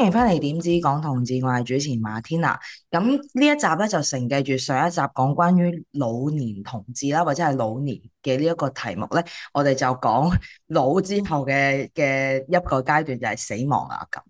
歡迎翻嚟《點知講同志》，我係主持馬天娜。咁呢一集咧就承繼住上一集講關於老年同志啦，或者係老年嘅呢一個題目咧，我哋就講老之後嘅嘅一個階段就係、是、死亡啊咁。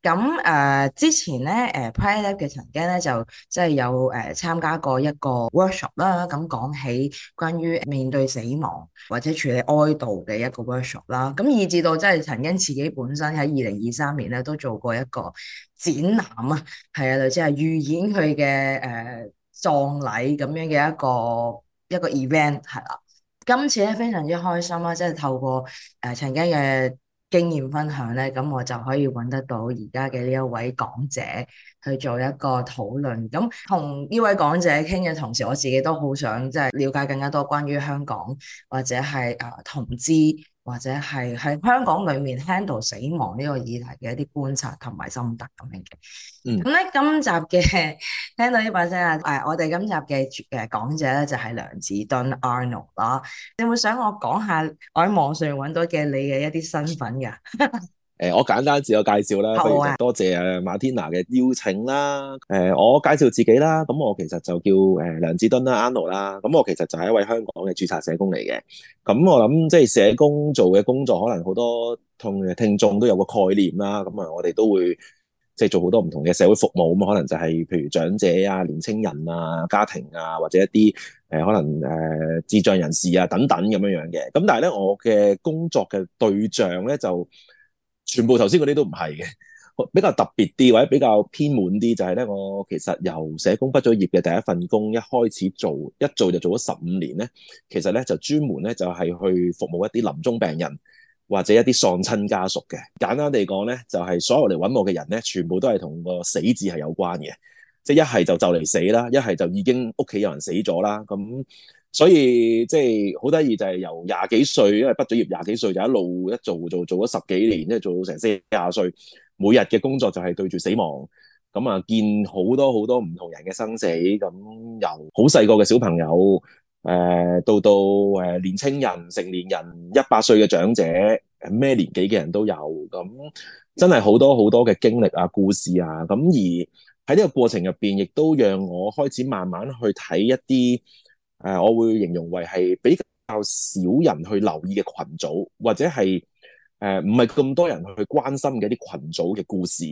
咁誒、呃、之前咧誒 Pride Lab 嘅曾經咧就即係、就是、有誒、呃、參加過一個 workshop 啦，咁講起關於面對死亡或者處理哀悼嘅一個 workshop 啦，咁以至到即係曾經自己本身喺二零二三年咧都做過一個展覽啊，係啊，類似係預演佢嘅誒葬禮咁樣嘅一個一個 event 係啦、啊。今次咧非常之開心啦，即、就、係、是、透過誒曾經嘅。呃經驗分享咧，咁我就可以揾得到而家嘅呢一位講者去做一個討論。咁同呢位講者傾嘅同時，我自己都好想即係了解更加多關於香港或者係啊同志。或者係喺香港裏面 handle 死亡呢個議題嘅一啲觀察同埋心得咁樣嘅，咁咧、嗯嗯、今集嘅聽到呢把聲啊，誒、哎，我哋今集嘅誒、呃、講者咧就係梁梓敦 Arnold 啦、啊，你有冇想我講下我喺網上揾到嘅你嘅一啲身份㗎？ 誒、呃，我簡單自我介紹啦，不如多謝馬天娜嘅邀請啦。誒、呃，我介紹自己啦。咁、嗯、我其實就叫誒梁梓敦啦，Arnold 啦。咁、no，嗯、我其實就係一位香港嘅註冊社工嚟嘅。咁、嗯、我諗即係社工做嘅工作，可能好多同嘅聽眾都有個概念啦。咁、嗯、啊，我哋都會即係做好多唔同嘅社會服務啊、嗯。可能就係譬如長者啊、年青人啊、家庭啊，或者一啲誒、呃、可能誒、呃、智障人士啊等等咁樣樣嘅。咁、嗯、但係咧，我嘅工作嘅對象咧就～全部頭先嗰啲都唔係嘅，比較特別啲或者比較偏門啲，就係咧我其實由社工畢咗業嘅第一份工，一開始做一做就做咗十五年咧，其實咧就專門咧就係去服務一啲臨終病人或者一啲喪親家屬嘅。簡單嚟講咧，就係所有嚟揾我嘅人咧，全部都係同個死字係有關嘅，即係一係就就嚟死啦，一係就已經屋企有人死咗啦，咁。所以即係好得意，就係由廿幾歲，因為畢咗業廿幾歲就一路一做做做咗十幾年，即係做到成四十歲。每日嘅工作就係對住死亡，咁、嗯、啊見好多好多唔同人嘅生死，咁、嗯、由好細個嘅小朋友，誒、呃、到到誒年青人、成年人、一百歲嘅長者，咩年紀嘅人都有，咁、嗯、真係好多好多嘅經歷啊、故事啊，咁、嗯、而喺呢個過程入邊，亦都讓我開始慢慢去睇一啲。誒、呃，我會形容為係比較少人去留意嘅群組，或者係誒唔係咁多人去關心嘅一啲群組嘅故事。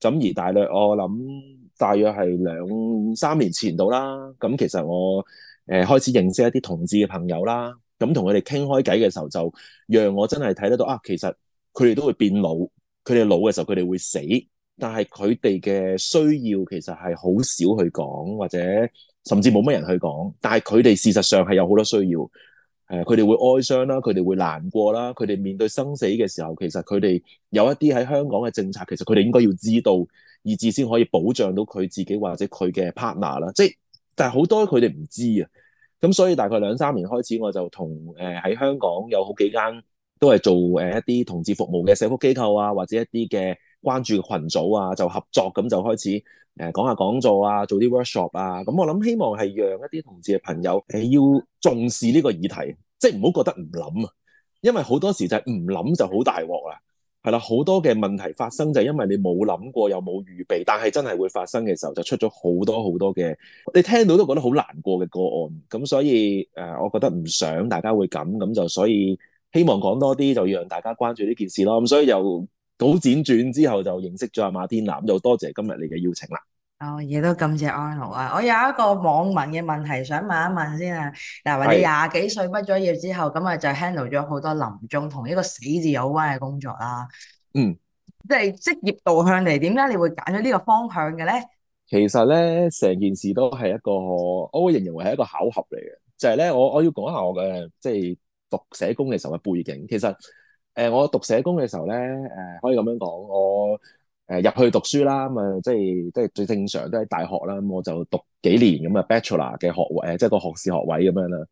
咁而大略我諗大約係兩三年前到啦。咁、嗯、其實我誒、呃、開始認識一啲同志嘅朋友啦。咁同佢哋傾開偈嘅時候，就讓我真係睇得到啊，其實佢哋都會變老，佢哋老嘅時候佢哋會死，但係佢哋嘅需要其實係好少去講或者。甚至冇乜人去講，但係佢哋事實上係有好多需要，誒、呃，佢哋會哀傷啦，佢哋會難過啦，佢哋面對生死嘅時候，其實佢哋有一啲喺香港嘅政策，其實佢哋應該要知道，以至先可以保障到佢自己或者佢嘅 partner 啦。即係，但係好多佢哋唔知啊。咁所以大概兩三年開始，我就同誒喺香港有好幾間都係做誒一啲同志服務嘅社福機構啊，或者一啲嘅。關注群組啊，就合作咁就開始誒講下講座啊，做啲 workshop 啊。咁、嗯、我諗希望係讓一啲同志嘅朋友誒要重視呢個議題，即係唔好覺得唔諗啊。因為好多時就係唔諗就好大鑊啦，係啦，好多嘅問題發生就係因為你冇諗過又冇預備，但係真係會發生嘅時候就出咗好多好多嘅你聽到都覺得好難過嘅個案。咁、嗯、所以誒、呃，我覺得唔想大家會咁，咁、嗯、就所以希望講多啲就讓大家關注呢件事咯。咁、嗯、所以又。好輾轉之後就認識咗阿馬天南，又多謝今日你嘅邀請啦。哦，亦都感謝 Arnold 啊！我有一個網民嘅問題想問一問先啊。嗱，或者廿幾歲畢咗業之後，咁啊就 handle 咗好多臨終同呢個死字有關嘅工作啦。嗯，即係職業導向嚟，點解你會揀咗呢個方向嘅咧？其實咧，成件事都係一個，我會認為係一個巧合嚟嘅。就係咧，我我要講下我嘅即係讀社工嘅時候嘅背景，其實。誒、呃，我讀社工嘅時候咧，誒、呃，可以咁樣講，我誒入、呃、去讀書啦，咁、嗯、啊，即係即係最正常都係大學啦、嗯，我就讀幾年咁啊，Bachelor 嘅學位，呃、即係個學士學位咁樣啦。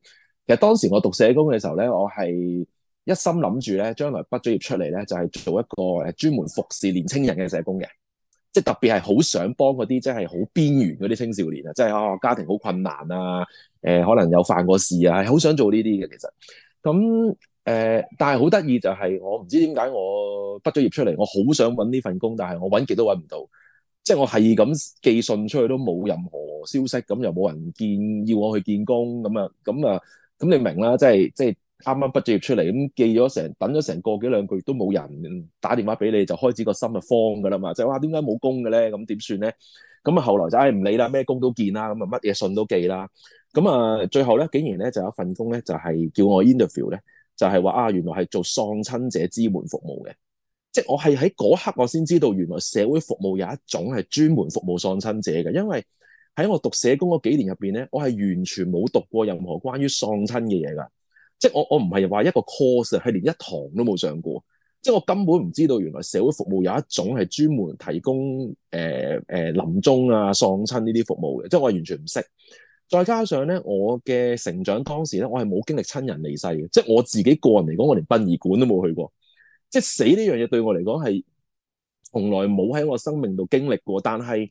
其實當時我讀社工嘅時候咧，我係一心諗住咧，將來畢咗業出嚟咧，就係、是、做一個誒專門服侍年青人嘅社工嘅，即係特別係好想幫嗰啲即係好邊緣嗰啲青少年啊，即係家庭好困難啊，誒、呃、可能有犯過事啊，好想做呢啲嘅其實咁。嗯嗯誒、呃，但係好得意就係、是、我唔知點解我畢咗業出嚟，我好想揾呢份工，但係我揾極都揾唔到，即係我係咁寄信出去都冇任何消息，咁、嗯、又冇人見要我去見工咁啊，咁啊，咁你明啦，即係即係啱啱畢咗業出嚟，咁寄咗成等咗成個幾兩個月都冇人打電話俾你，就開始個心就慌㗎啦嘛，就係、是、哇點解冇工嘅咧？咁點算咧？咁啊後來就唉唔理啦，咩工都見啦，咁啊乜嘢信都寄啦，咁啊最後咧竟然咧就有一份工咧就係叫我 interview 咧。就係話啊，原來係做喪親者支援服務嘅，即係我係喺嗰刻我先知道原來社會服務有一種係專門服務喪親者嘅，因為喺我讀社工嗰幾年入邊咧，我係完全冇讀過任何關於喪親嘅嘢噶，即係我我唔係話一個 course 係連一堂都冇上過，即係我根本唔知道原來社會服務有一種係專門提供誒誒臨終啊喪親呢啲服務嘅，即係我係完全唔識。再加上咧，我嘅成長當時咧，我係冇經歷親人離世嘅，即係我自己個人嚟講，我連殯儀館都冇去過，即係死呢樣嘢對我嚟講係從來冇喺我生命度經歷過。但係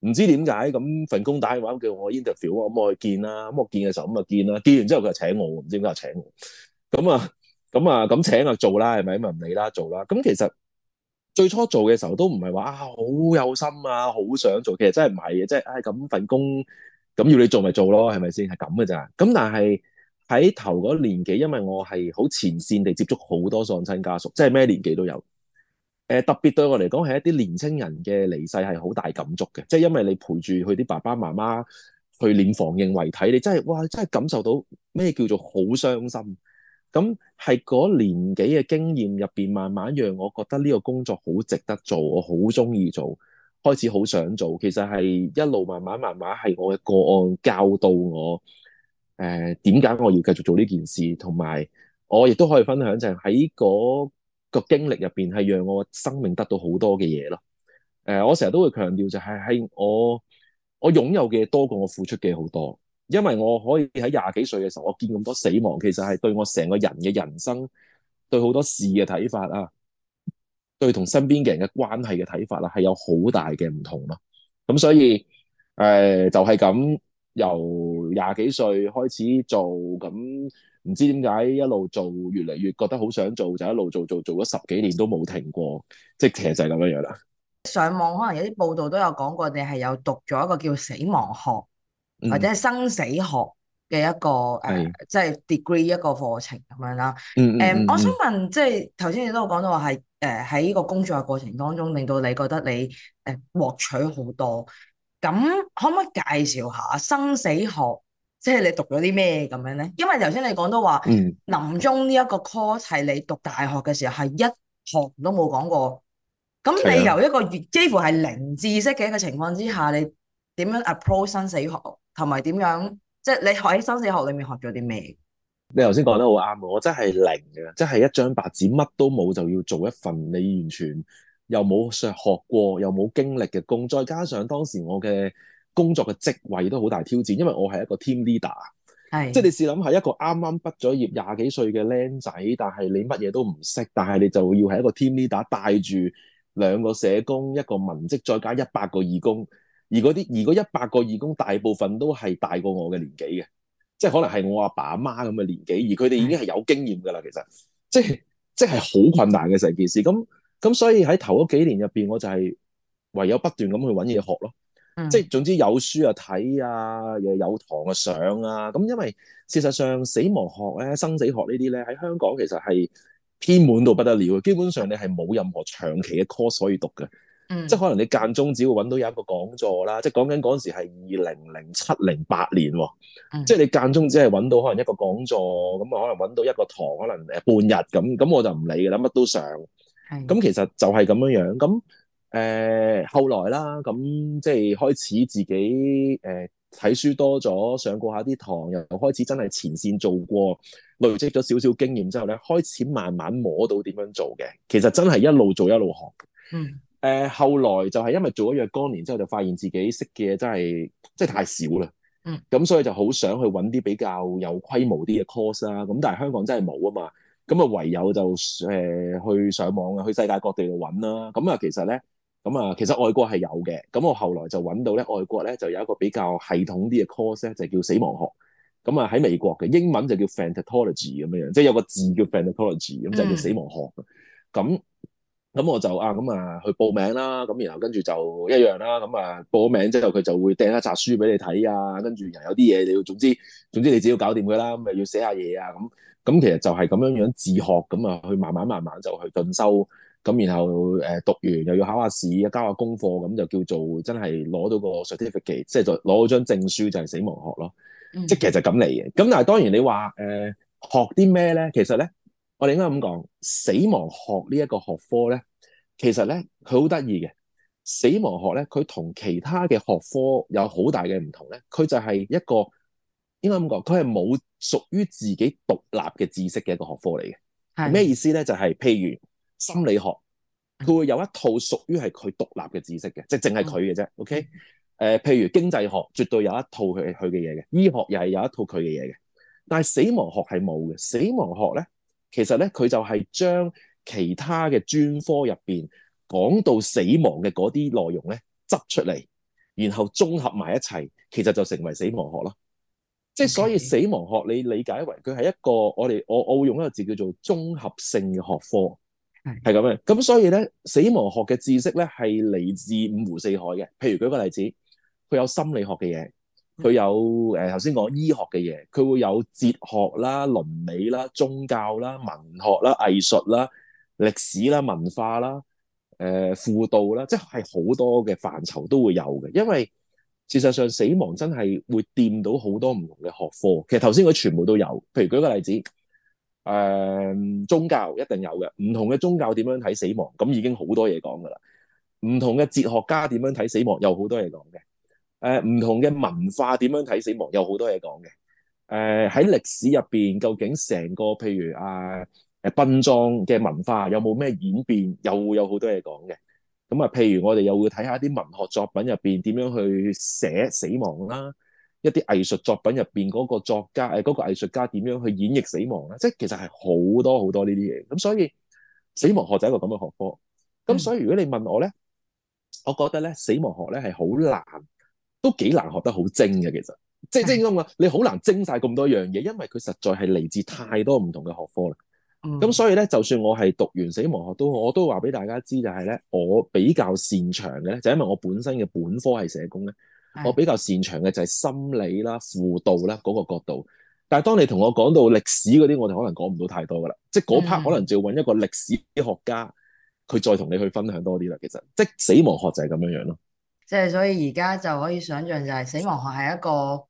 唔知點解咁份工打電話，叫我 interview，我冇去見啦。咁我見嘅時候咁就見啦，見完之後佢就請我，唔知點解請我。咁啊，咁啊，咁請啊做啦，係咪？咪唔理啦，做啦。咁其實最初做嘅時候都唔係話啊好有心啊，好想做，其實真係唔係嘅，即係唉咁份工。咁要你做咪做咯，係咪先？係咁嘅咋。咁但係喺頭嗰年幾，因為我係好前線地接觸好多喪親家屬，即係咩年紀都有。誒、呃，特別對我嚟講，係一啲年青人嘅離世係好大感觸嘅。即係因為你陪住佢啲爸爸媽媽去殮房認遺體，你真係哇，真係感受到咩叫做好傷心。咁係嗰年幾嘅經驗入邊，慢慢讓我覺得呢個工作好值得做，我好中意做。開始好想做，其實係一路慢慢慢慢係我嘅個案教導我，誒，點解我要繼續做呢件事，同埋我亦都可以分享就係喺嗰個經歷入邊係讓我生命得到好多嘅嘢咯。誒、呃，我成日都會強調就係、係、喺我我擁有嘅多過我付出嘅好多，因為我可以喺廿幾歲嘅時候我見咁多死亡，其實係對我成個人嘅人生，對好多事嘅睇法啊。對同身邊嘅人嘅關係嘅睇法啦，係有好大嘅唔同咯。咁所以誒、呃，就係、是、咁，由廿幾歲開始做，咁唔知點解一路做越嚟越覺得好想做，就一路做做做咗十幾年都冇停過，即係其實就係咁樣樣啦。上網可能有啲報道都有講過，你係有讀咗一個叫死亡學、嗯、或者生死學嘅一個誒，即係、嗯呃就是、degree 一個課程咁樣啦。誒的，我想問，即係頭先你都有講到話係。嗯嗯嗯誒喺呢個工作嘅過程當中，令到你覺得你誒、呃、獲取好多，咁可唔可以介紹下生死學？即係你讀咗啲咩咁樣咧？因為頭先你講到話，臨終呢一個 course 係你讀大學嘅時候係一堂都冇講過，咁你由一個月幾乎係零知識嘅一個情況之下，你點樣 approach 生死學，同埋點樣即係你喺生死學裡面學咗啲咩？你頭先講得好啱，我真係零嘅，即係一張白紙，乜都冇就要做一份。你完全又冇上學過，又冇經歷嘅工，再加上當時我嘅工作嘅職位都好大挑戰，因為我係一個 team leader，係是即係你試諗係一個啱啱畢咗業廿幾歲嘅僆仔，但係你乜嘢都唔識，但係你就要係一個 team leader 帶住兩個社工，一個文職，再加一百個義工，而嗰啲而嗰一百個義工大部分都係大過我嘅年紀嘅。即係可能係我阿爸阿媽咁嘅年紀，而佢哋已經係有經驗㗎啦。其實，即係即係好困難嘅成件事。咁咁所以喺頭嗰幾年入邊，我就係唯有不斷咁去揾嘢學咯。即係總之有書就睇啊，又有堂就上啊。咁因為事實上死亡學咧、生死學呢啲咧喺香港其實係偏滿到不得了。基本上你係冇任何長期嘅 course 可以讀嘅。嗯、即係可能你間中只會揾到有一個講座啦，即係講緊嗰陣時係二零零七零八年喎，嗯、即係你間中只係揾到可能一個講座，咁啊可能揾到一個堂，可能誒半日咁，咁我就唔理㗎啦，乜都上。咁是其實就係咁樣樣。咁誒、呃、後來啦，咁即係開始自己誒睇、呃、書多咗，上過下啲堂，又開始真係前線做過，累積咗少少經驗之後咧，開始慢慢摸到點樣做嘅。其實真係一路做一路學。嗯。誒後來就係因為做咗若干年之後，就發現自己識嘅嘢真係真係太少啦。嗯，咁所以就好想去揾啲比較有規模啲嘅 course 啦。咁、嗯、但係香港真係冇啊嘛，咁啊唯有就誒、呃、去上網去世界各地度揾啦。咁啊其實咧，咁啊其實外國係有嘅。咁我後來就揾到咧，外國咧就有一個比較系統啲嘅 course 咧，就叫死亡學。咁啊喺美國嘅英文就叫 thanatology 咁樣樣，即、就、係、是、有個字叫 thanatology，咁就叫死亡學。咁、嗯嗯咁我就啊咁啊去報名啦，咁然後跟住就一樣啦。咁啊報名之後，佢就會掟一冊書俾你睇啊，跟住又有啲嘢你要，總之總之你只要搞掂佢啦，咁又要寫下嘢啊，咁、嗯、咁其實就係咁樣樣自學咁啊，去、嗯、慢慢慢慢就去進修，咁然後誒讀完又要考下試，交下功課，咁、嗯嗯、就叫做真係攞到個 certificate，即係就攞到張證書就係死亡學咯。即係其實就咁嚟嘅。咁但係當然你話誒、呃、學啲咩咧，其實咧。我哋應該咁講，死亡學呢一個學科咧，其實咧佢好得意嘅。死亡學咧，佢同其他嘅學科有好大嘅唔同咧。佢就係一個應該咁講，佢係冇屬於自己獨立嘅知識嘅一個學科嚟嘅。係咩的意思咧？就係、是、譬如心理學，佢會有一套屬於係佢獨立嘅知識嘅，即係淨係佢嘅啫。OK 誒、嗯呃，譬如經濟學絕對有一套佢佢嘅嘢嘅，醫學又係有一套佢嘅嘢嘅，但係死亡學係冇嘅。死亡學咧。其實咧，佢就係將其他嘅專科入邊講到死亡嘅嗰啲內容咧，執出嚟，然後綜合埋一齊，其實就成為死亡學咯。Okay. 即係所以死亡學，你理解為佢係一個我哋我我會用一個字叫做綜合性嘅學科，係係咁嘅。咁所以咧，死亡學嘅知識咧係嚟自五湖四海嘅。譬如舉個例子，佢有心理學嘅嘢。佢有誒頭先講醫學嘅嘢，佢會有哲學啦、倫理啦、宗教啦、文學啦、藝術啦、歷史啦、文化啦、誒、呃、輔導啦，即係好多嘅範疇都會有嘅。因為事實上死亡真係會掂到好多唔同嘅學科。其實頭先佢全部都有。譬如舉個例子，誒、呃、宗教一定有嘅，唔同嘅宗教點樣睇死亡，咁已經好多嘢講㗎喇。唔同嘅哲學家點樣睇死亡，有好多嘢講嘅。誒唔、呃、同嘅文化點樣睇死亡，有好多嘢講嘅，誒喺歷史入邊究竟成個譬如啊誒殯葬嘅文化有冇咩演變，又會有好多嘢講嘅。咁、嗯、啊，譬如我哋又會睇下啲文學作品入邊點樣去寫死亡啦，一啲藝術作品入邊嗰個作家誒嗰、呃嗰個藝術家點樣去演繹死亡啦，即係其實係好多好多呢啲嘢。咁所以死亡學就係一個咁嘅學科。咁所以如果你問我咧，我覺得咧死亡學咧係好難。都幾難學得好精嘅，其實即係即係啱話，你好難精晒咁多樣嘢，因為佢實在係嚟自太多唔同嘅學科啦。咁、嗯、所以咧，就算我係讀完死亡學都好，我都話俾大家知就係咧，我比較擅長嘅咧，就因為我本身嘅本科係社工咧，的我比較擅長嘅就係心理啦、輔導啦嗰、嗰個角度。但係當你同我講到歷史嗰啲，我哋可能講唔到太多噶啦，嗯、即係嗰 part 可能就要揾一個歷史學家，佢再同你去分享多啲啦。其實即係死亡學就係咁樣樣咯。即係所以而家就可以想像，就係死亡學係一個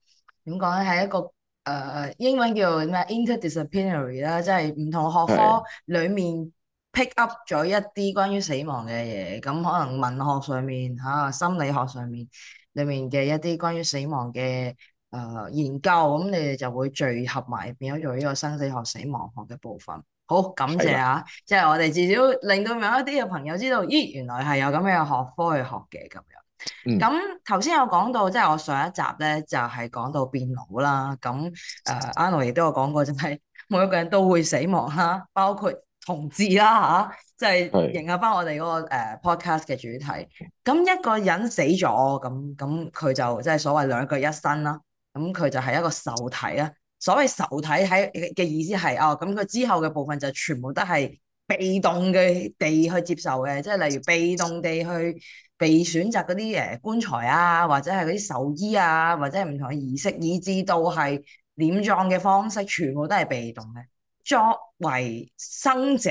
點講咧，係一個誒、呃、英文叫咩 interdisciplinary 啦，Inter 即係唔同學科裡面 pick up 咗一啲關於死亡嘅嘢。咁的可能文學上面嚇、啊、心理學上面裡面嘅一啲關於死亡嘅誒、呃、研究，咁你哋就會聚合埋，變咗做呢個生死學、死亡學嘅部分。好，感謝啊！即係的我哋至少令到某一啲嘅朋友知道，咦，原來係有咁樣嘅學科去學嘅咁樣。咁頭先有講到，即、就、係、是、我上一集咧就係、是、講到變老啦。咁誒，阿諾亦都有講過，真、就、係、是、每一個人都會死亡吓，包括同志啦吓，即、啊、係、就是、迎合翻我哋嗰、那個誒、uh, podcast 嘅主題。咁一個人死咗，咁咁佢就即係、就是、所謂兩腳一伸啦。咁佢就係一個受體啦。所謂受體喺嘅意思係哦，咁佢之後嘅部分就全部都係被動嘅地去接受嘅，即、就、係、是、例如被動地去。被選擇嗰啲誒棺材啊，或者係嗰啲壽衣啊，或者係唔同嘅儀式，以至到係殮葬嘅方式，全部都係被動嘅。作為生者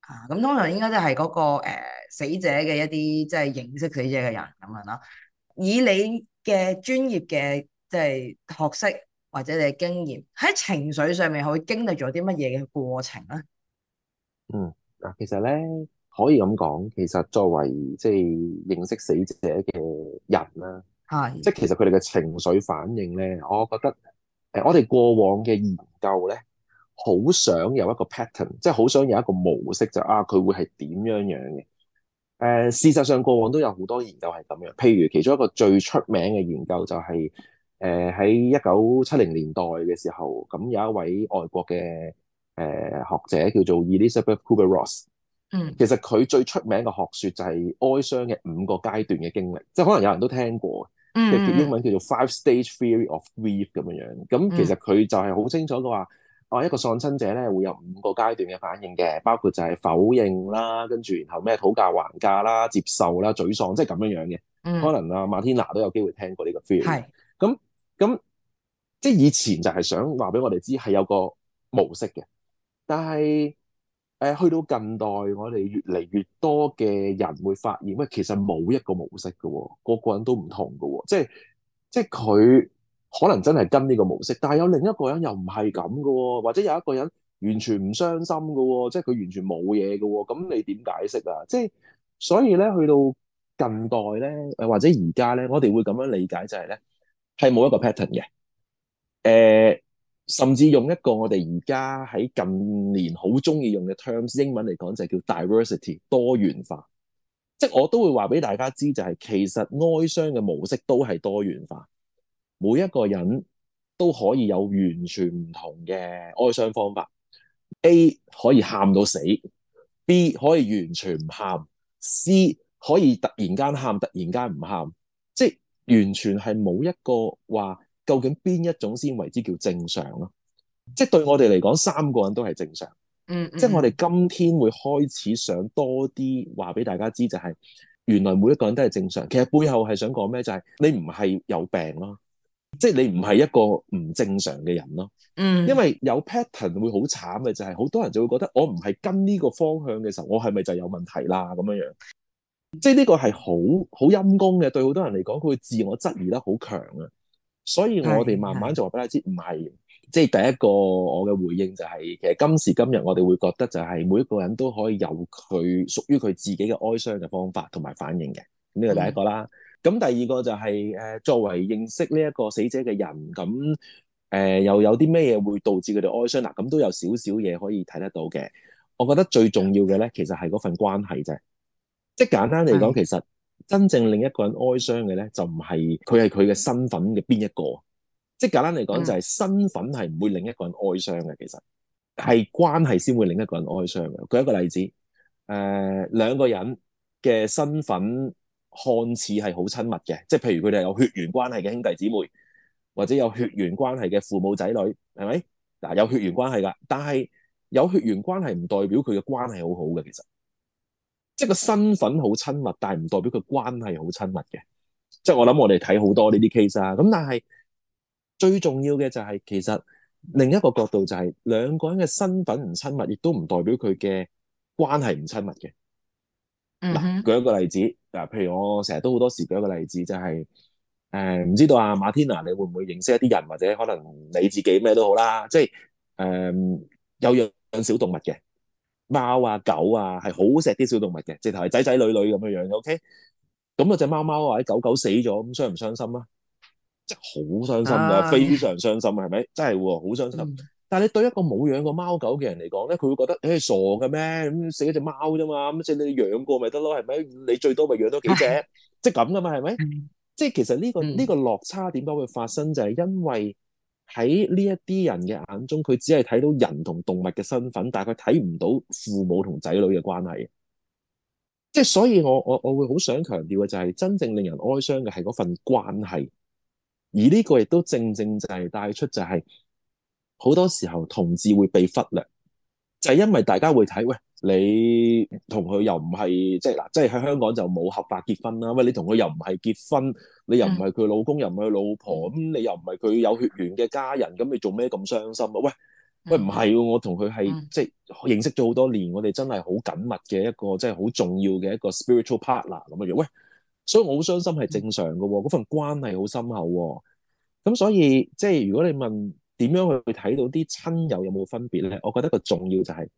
啊，咁通常應該都係嗰個誒、呃、死者嘅一啲即係認識死者嘅人咁樣啦。以你嘅專業嘅即係學識或者你嘅經驗，喺情緒上面，佢會經歷咗啲乜嘢嘅過程咧？嗯，嗱，其實咧。可以咁講，其實作為即係認識死者嘅人啦，係的即係其實佢哋嘅情緒反應咧，我覺得誒，我哋過往嘅研究咧，好想有一個 pattern，即係好想有一個模式，就是，就啊佢會係點樣樣嘅。誒、呃、事實上過往都有好多研究係咁樣，譬如其中一個最出名嘅研究就係誒喺一九七零年代嘅時候，咁有一位外國嘅誒、呃、學者叫做 Elisabeth Kübler-Ross。嗯，其實佢最出名嘅學説就係哀傷嘅五個階段嘅經歷，即係可能有人都聽過嘅。嗯、英文叫做 Five Stage Theory of Grief 咁樣樣。咁、嗯、其實佢就係好清楚嘅話，哦、啊、一個喪親者咧會有五個階段嘅反應嘅，包括就係否認啦，跟住然後咩討價還價啦、接受啦、沮喪，即係咁樣樣嘅。可能啊、嗯、馬天娜都有機會聽過呢個 Theory 是。係。咁咁即係以前就係想話俾我哋知係有個模式嘅，但係，誒去到近代，我哋越嚟越多嘅人會發現，喂，其實冇一個模式嘅喎，個個人都唔同嘅喎，即係即係佢可能真係跟呢個模式，但係有另一個人又唔係咁嘅喎，或者有一個人完全唔傷心嘅喎，即係佢完全冇嘢嘅喎，咁你點解釋啊？即係所以咧，去到近代咧，或者而家咧，我哋會咁樣理解就係咧，係冇一個 pattern 嘅，誒、呃。甚至用一個我哋而家喺近年好中意用嘅 terms 英文嚟講，就叫 diversity 多元化。即係我都會話俾大家知、就係，就係其實哀傷嘅模式都係多元化。每一個人都可以有完全唔同嘅哀傷方法。A 可以喊到死，B 可以完全唔喊，C 可以突然間喊，突然間唔喊，即係完全係冇一個話。究竟邊一種先為之叫正常咯、啊？即係對我哋嚟講，三個人都係正常嗯。嗯，即係我哋今天會開始想多啲，話俾大家知就係、是，原來每一個人都係正常。其實背後係想講咩、就是？就係你唔係有病咯、啊，即係你唔係一個唔正常嘅人咯、啊。嗯，因為有 pattern 會好慘嘅，就係好多人就會覺得我唔係跟呢個方向嘅時候，我係咪就有問題啦？咁樣樣，即係呢個係好好陰功嘅，對好多人嚟講，佢會自我質疑得好強啊。所以我哋慢慢做，俾大家知，唔係即係第一個我嘅回應就係、是，其實今時今日我哋會覺得就係每一個人都可以有佢屬於佢自己嘅哀傷嘅方法同埋反應嘅，呢個第一個啦。咁、嗯、第二個就係、是、誒、呃，作為認識呢一個死者嘅人，咁誒、呃、又有啲咩嘢會導致佢哋哀傷嗱，咁、啊、都有少少嘢可以睇得到嘅。我覺得最重要嘅咧，其實係嗰份關係啫，即係簡單嚟講，嗯、其實。真正令一個人哀傷嘅咧，就唔係佢係佢嘅身份嘅邊一個，即係簡單嚟講，就係身份係唔會令一個人哀傷嘅。其實係關係先會令一個人哀傷嘅。舉一個例子，誒、呃、兩個人嘅身份看似係好親密嘅，即係譬如佢哋有血緣關係嘅兄弟姊妹，或者有血緣關係嘅父母仔女，係咪嗱有血緣關係㗎？但係有血緣關係唔代表佢嘅關係好好嘅，其實。即係個身份好親密，但係唔代表佢關係好親密嘅。即係我諗，我哋睇好多呢啲 case 啊。咁但係最重要嘅就係、係，其實另一個角度就係、係、兩個人嘅身份唔親密，亦都唔代表佢嘅關係唔親密嘅。嗱、mm，hmm. 舉一個例子，嗱，譬如我成日都好多時舉一個例子、就係，就係誒，唔知道啊，馬天娜，你會唔會認識一啲人，或者可能你自己咩都好啦，即係誒、呃、有養小動物嘅。貓啊狗啊係好錫啲小動物嘅，直頭係仔仔女女咁樣樣嘅，OK。咁嗰隻貓貓或者狗狗死咗，咁傷唔傷心啊？真係好傷心㗎，非常傷心啊，係咪？真係喎，好傷心。但係你對一個冇養過貓狗嘅人嚟講咧，佢會覺得誒傻嘅咩？咁死一隻貓啫嘛，咁即係你養過咪得咯，係咪？你最多咪養多幾隻，即係咁㗎嘛，係咪？即係其實呢個呢個落差點解會發生，就係因為。喺呢一啲人嘅眼中，佢只係睇到人同動物嘅身份，但佢睇唔到父母同仔女嘅關係。即係所以我，我我我會好想強調嘅就係，真正令人哀傷嘅係嗰份關係。而呢個亦都正正就係帶出就係好多時候同志會被忽略，就係因為大家會睇喂。你同佢又唔係即係嗱，即係喺香港就冇合法結婚啦。喂，你同佢又唔係結婚，你又唔係佢老公，嗯、又唔係佢老婆，咁、嗯、你又唔係佢有血緣嘅家人，咁你做咩咁傷心啊？喂喂，唔係，我同佢係即係認識咗好多年，我哋真係好緊密嘅一個，即係好重要嘅一個 spiritual partner 咁嘅樣。喂，所以我好傷心係正常嘅、哦，嗰、嗯、份關係好深厚、哦。咁所以即係如果你問點樣去睇到啲親友有冇分別咧，我覺得個重要就係、是。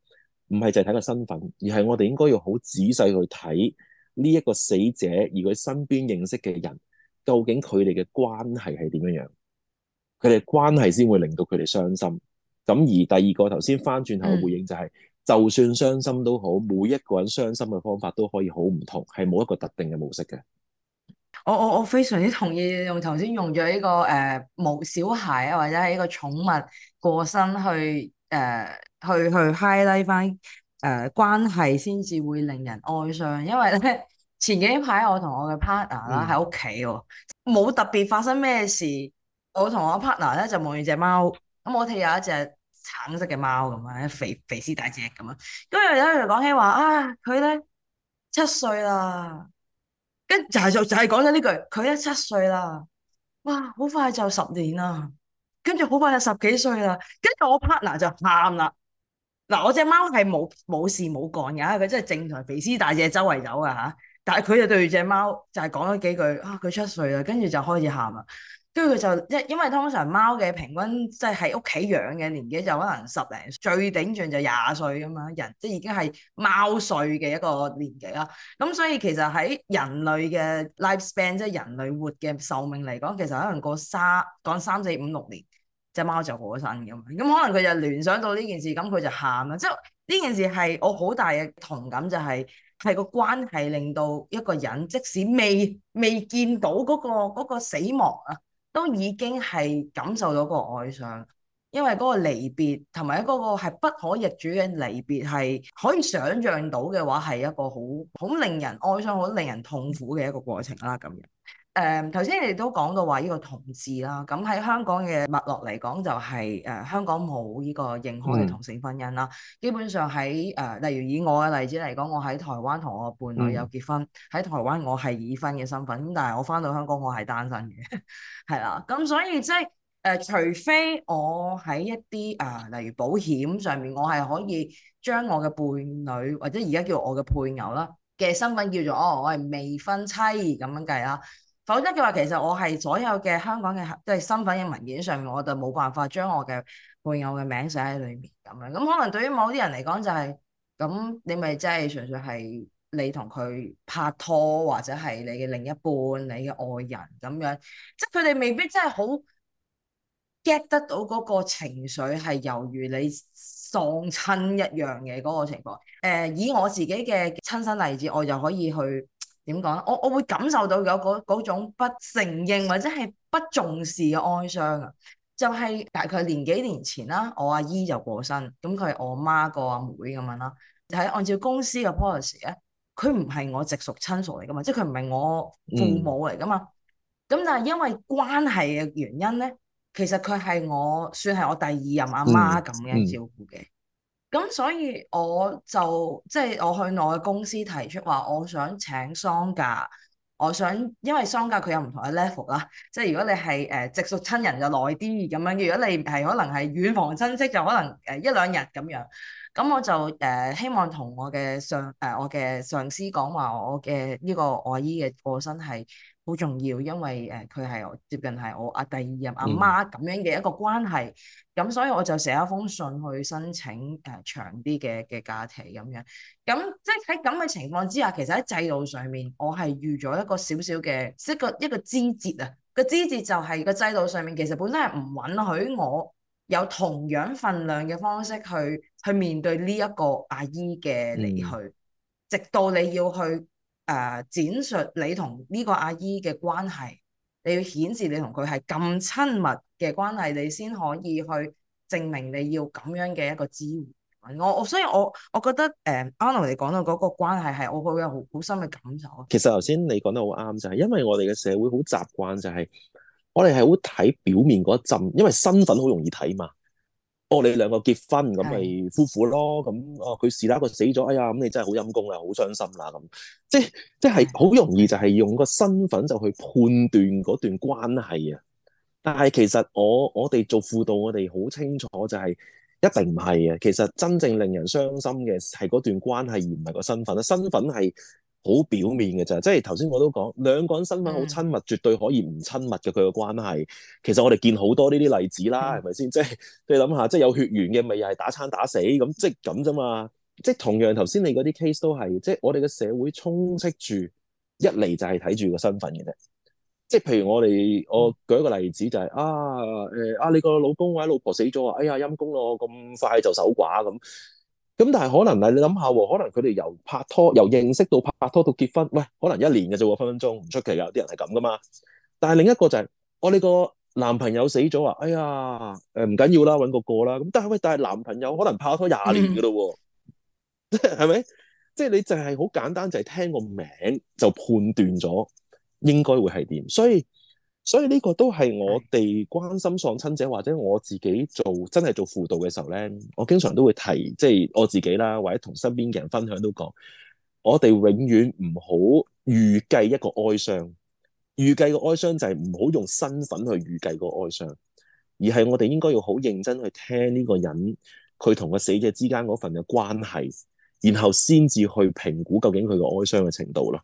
唔係就係睇個身份，而係我哋應該要好仔細去睇呢一個死者而佢身邊認識嘅人，究竟佢哋嘅關係係點樣樣？佢哋關係先會令到佢哋傷心。咁而第二個頭先翻轉頭嘅回應就係、是，嗯、就算傷心都好，每一個人傷心嘅方法都可以好唔同，係冇一個特定嘅模式嘅。我我我非常之同意用頭先用咗呢、這個誒無、呃、小孩啊，或者係呢個寵物過身去誒。呃去去 high l、呃、ight 返誒關係先至會令人愛上，因為咧前幾排我同我嘅 partner 啦喺屋、嗯、企喎，冇、哦、特別發生咩事。我同我 partner 咧就望住隻貓，咁我哋有一隻橙色嘅貓咁樣，肥肥絲大隻咁樣。跟住有人講起話啊，佢咧七歲啦，跟就係就就係講咗呢句，佢一七歲啦，哇！好快就十年啦，跟住好快就十幾歲啦，跟住我 partner 就喊啦。嗱，我隻貓係冇冇事冇干噶，佢真係正常肥屍大隻周圍走噶吓，但係佢就對住隻貓就係講咗幾句，啊，佢七歲啦，跟住就開始喊啦，跟住佢就因因為通常貓嘅平均即係喺屋企養嘅年紀就可能十零歲，最頂盡就廿歲咁樣，人即係、就是、已經係貓歲嘅一個年紀啦，咁所以其實喺人類嘅 life span，即係人類活嘅壽命嚟講，其實可能過三講三四五六年。隻貓就過咗身咁，咁可能佢就聯想到呢件事，咁佢就喊啦。即係呢件事係我好大嘅同感，就係、係、係個關係令到一個人，即使未未見到嗰、嗰個那個死亡啊，都已經係感受到個哀傷，因為嗰個離別同埋嗰個係不可逆轉嘅離別，係可以想像到嘅話，係一個好好令人哀傷、好令人痛苦嘅一個過程啦。咁樣。誒頭先你都講到話呢個同志啦，咁喺香港嘅脈絡嚟講就係、是、誒、呃、香港冇呢個認可嘅同性婚姻啦。基本上喺誒、呃，例如以我嘅例子嚟講，我喺台灣同我嘅伴侶有結婚喺、嗯、台灣，我係已婚嘅身份咁，但係我翻到香港我係單身嘅，係 啦。咁所以即係誒、呃，除非我喺一啲誒、呃，例如保險上面，我係可以將我嘅伴侶或者而家叫我嘅配偶啦嘅身份叫做、哦、我係未婚妻咁樣計啦。否則嘅話，其實我係所有嘅香港嘅即係身份嘅文件上面，我就冇辦法將我嘅配偶嘅名寫喺裏面咁樣。咁、嗯、可能對於某啲人嚟講就係、是、咁，你咪即係純粹係你同佢拍拖或者係你嘅另一半、你嘅愛人咁樣，即係佢哋未必真係好 get 得到嗰個情緒係猶如你喪親一樣嘅嗰、那個情況。誒、呃，以我自己嘅親身例子，我就可以去。點講咧？我我會感受到有嗰種不承認或者係不重視嘅哀傷啊！就係大概年幾年前啦，我阿姨就過身，咁佢係我媽個阿妹咁樣啦。就係、係、按照公司嘅 policy 咧，佢唔係我直屬親屬嚟噶嘛，即係佢唔係我父母嚟噶嘛。咁、嗯、但係因為關係嘅原因咧，其實佢係我算係我第二任阿媽咁樣照顧嘅。嗯嗯咁所以我就即係、就是、我去我嘅公司提出話，我想請喪假。我想因為喪假佢有唔同嘅 level 啦，即係如果你係誒、呃、直屬親人就耐啲咁樣，如果你係可能係遠房親戚就可能誒一兩日咁樣。咁我就誒、呃、希望同我嘅上誒、呃、我嘅上司講話，我嘅呢、這個外姨嘅過身係好重要，因為誒佢係接近係我阿第二任阿媽咁樣嘅一個關係，咁、嗯、所以我就寫一封信去申請誒長啲嘅嘅假期咁樣。咁即係喺咁嘅情況之下，其實喺制度上面，我係預咗一個少少嘅一個一個枝節啊。個支節就係、是、個制度上面，其實本身係唔允許我有同樣份量嘅方式去去面對呢一個阿姨嘅離去，嗯、直到你要去。誒、呃，展述你同呢個阿姨嘅關係，你要顯示你同佢係咁親密嘅關係，你先可以去證明你要咁樣嘅一個支援。我我所以我我覺得誒，阿、呃、你講到嗰個關係係我好有好深嘅感受。其實頭先你講得好啱，就係、是、因為我哋嘅社會好習慣就係、是，我哋係好睇表面嗰一浸，因為身份好容易睇嘛。哦，你兩個結婚咁咪夫婦咯，咁、嗯、哦佢是啦佢死咗，哎呀咁、嗯、你真係好陰功啊，好傷心啦、啊、咁，即係即係好容易就係用個身份就去判斷嗰段關係啊，但係其實我我哋做輔導我哋好清楚就係一定唔係啊，其實真正令人傷心嘅係嗰段關係而唔係個身份啊，身份係。好表面嘅咋，即係頭先我都講兩個人身份好親密，絕對可以唔親密嘅佢個關係。其實我哋見好多呢啲例子啦，係咪先？即係你諗下，即係有血緣嘅咪又係打餐打死咁，即係咁啫嘛。即係同樣頭先你嗰啲 case 都係，即係我哋嘅社會充斥住一嚟就係睇住個身份嘅啫。即係譬如我哋我舉一個例子就係、是、啊誒、呃、啊你個老公或者老婆死咗啊，哎呀陰公咯，咁快就守寡咁。咁但係可能啊，你諗下，可能佢哋由拍拖，由認識到拍拖到結婚，喂，可能一年嘅啫，分分鐘唔出奇噶！有啲人係咁噶嘛。但係另一個就係、是，我哋個男朋友死咗啊！哎呀，誒唔緊要啦，搵個個啦。咁但係喂，但係男朋友可能拍拖廿年噶啦、啊，即係咪？即係、 就是、你淨係好簡單，就係、是、聽個名就判斷咗應該會係點，所以。所以呢個都係我哋關心喪親者，或者我自己做真係做輔導嘅時候咧，我經常都會提，即係我自己啦，或者同身邊嘅人分享都講，我哋永遠唔好預計一個哀傷，預計個哀傷就係唔好用身份去預計個哀傷，而係我哋應該要好認真去聽呢個人佢同個死者之間嗰份嘅關係，然後先至去評估究竟佢個哀傷嘅程度咯。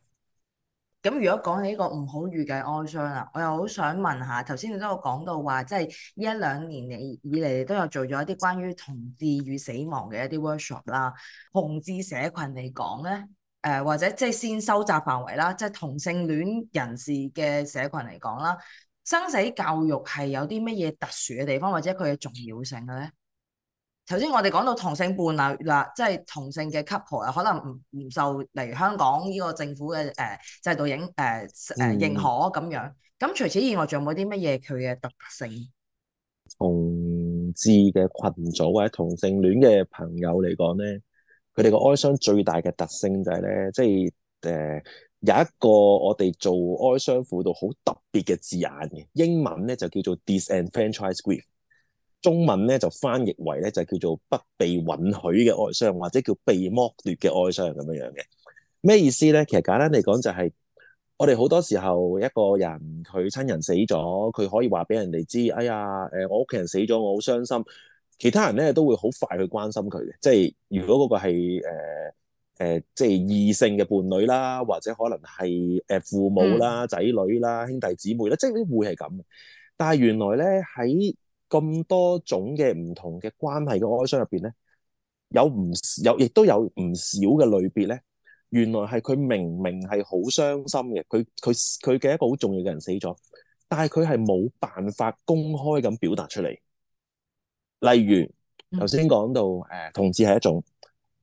咁如果講起呢個唔好預計哀傷啦，我又好想問下，頭先你,你都有講到話，即係呢一兩年嚟以嚟，你都有做咗一啲關於同志與死亡嘅一啲 workshop 啦。同志社群嚟講咧，誒、呃、或者即係先收窄範圍啦，即係同性戀人士嘅社群嚟講啦，生死教育係有啲乜嘢特殊嘅地方，或者佢嘅重要性嘅咧？頭先，我哋講到同性伴侶啦，即係同性嘅 couple 啊，可能唔唔受嚟香港呢個政府嘅誒、呃、制度影誒誒認可咁樣。咁除、嗯、此以外，仲有冇啲乜嘢佢嘅特性？同志嘅群組或者同性戀嘅朋友嚟講咧，佢哋嘅哀傷最大嘅特性就係、是、咧，即係誒有一個我哋做哀傷輔導好特別嘅字眼嘅英文咧，就叫做 disenfranchised 中文咧就翻譯為咧就叫做不被允許嘅哀傷，或者叫被剝奪嘅哀傷咁樣樣嘅。咩意思咧？其實簡單嚟講就係、是、我哋好多時候一個人佢親人死咗，佢可以話俾人哋知，哎呀，誒我屋企人死咗，我好傷心。其他人咧都會好快去關心佢嘅。即係如果嗰個係誒誒，即係異性嘅伴侶啦，或者可能係誒父母啦、仔、嗯、女啦、兄弟姊妹啦，即係會係咁。但係原來咧喺咁多種嘅唔同嘅關係嘅哀傷入邊咧，有唔有亦都有唔少嘅類別咧。原來係佢明明係好傷心嘅，佢佢佢嘅一個好重要嘅人死咗，但係佢係冇辦法公開咁表達出嚟。例如頭先講到誒同志係一種，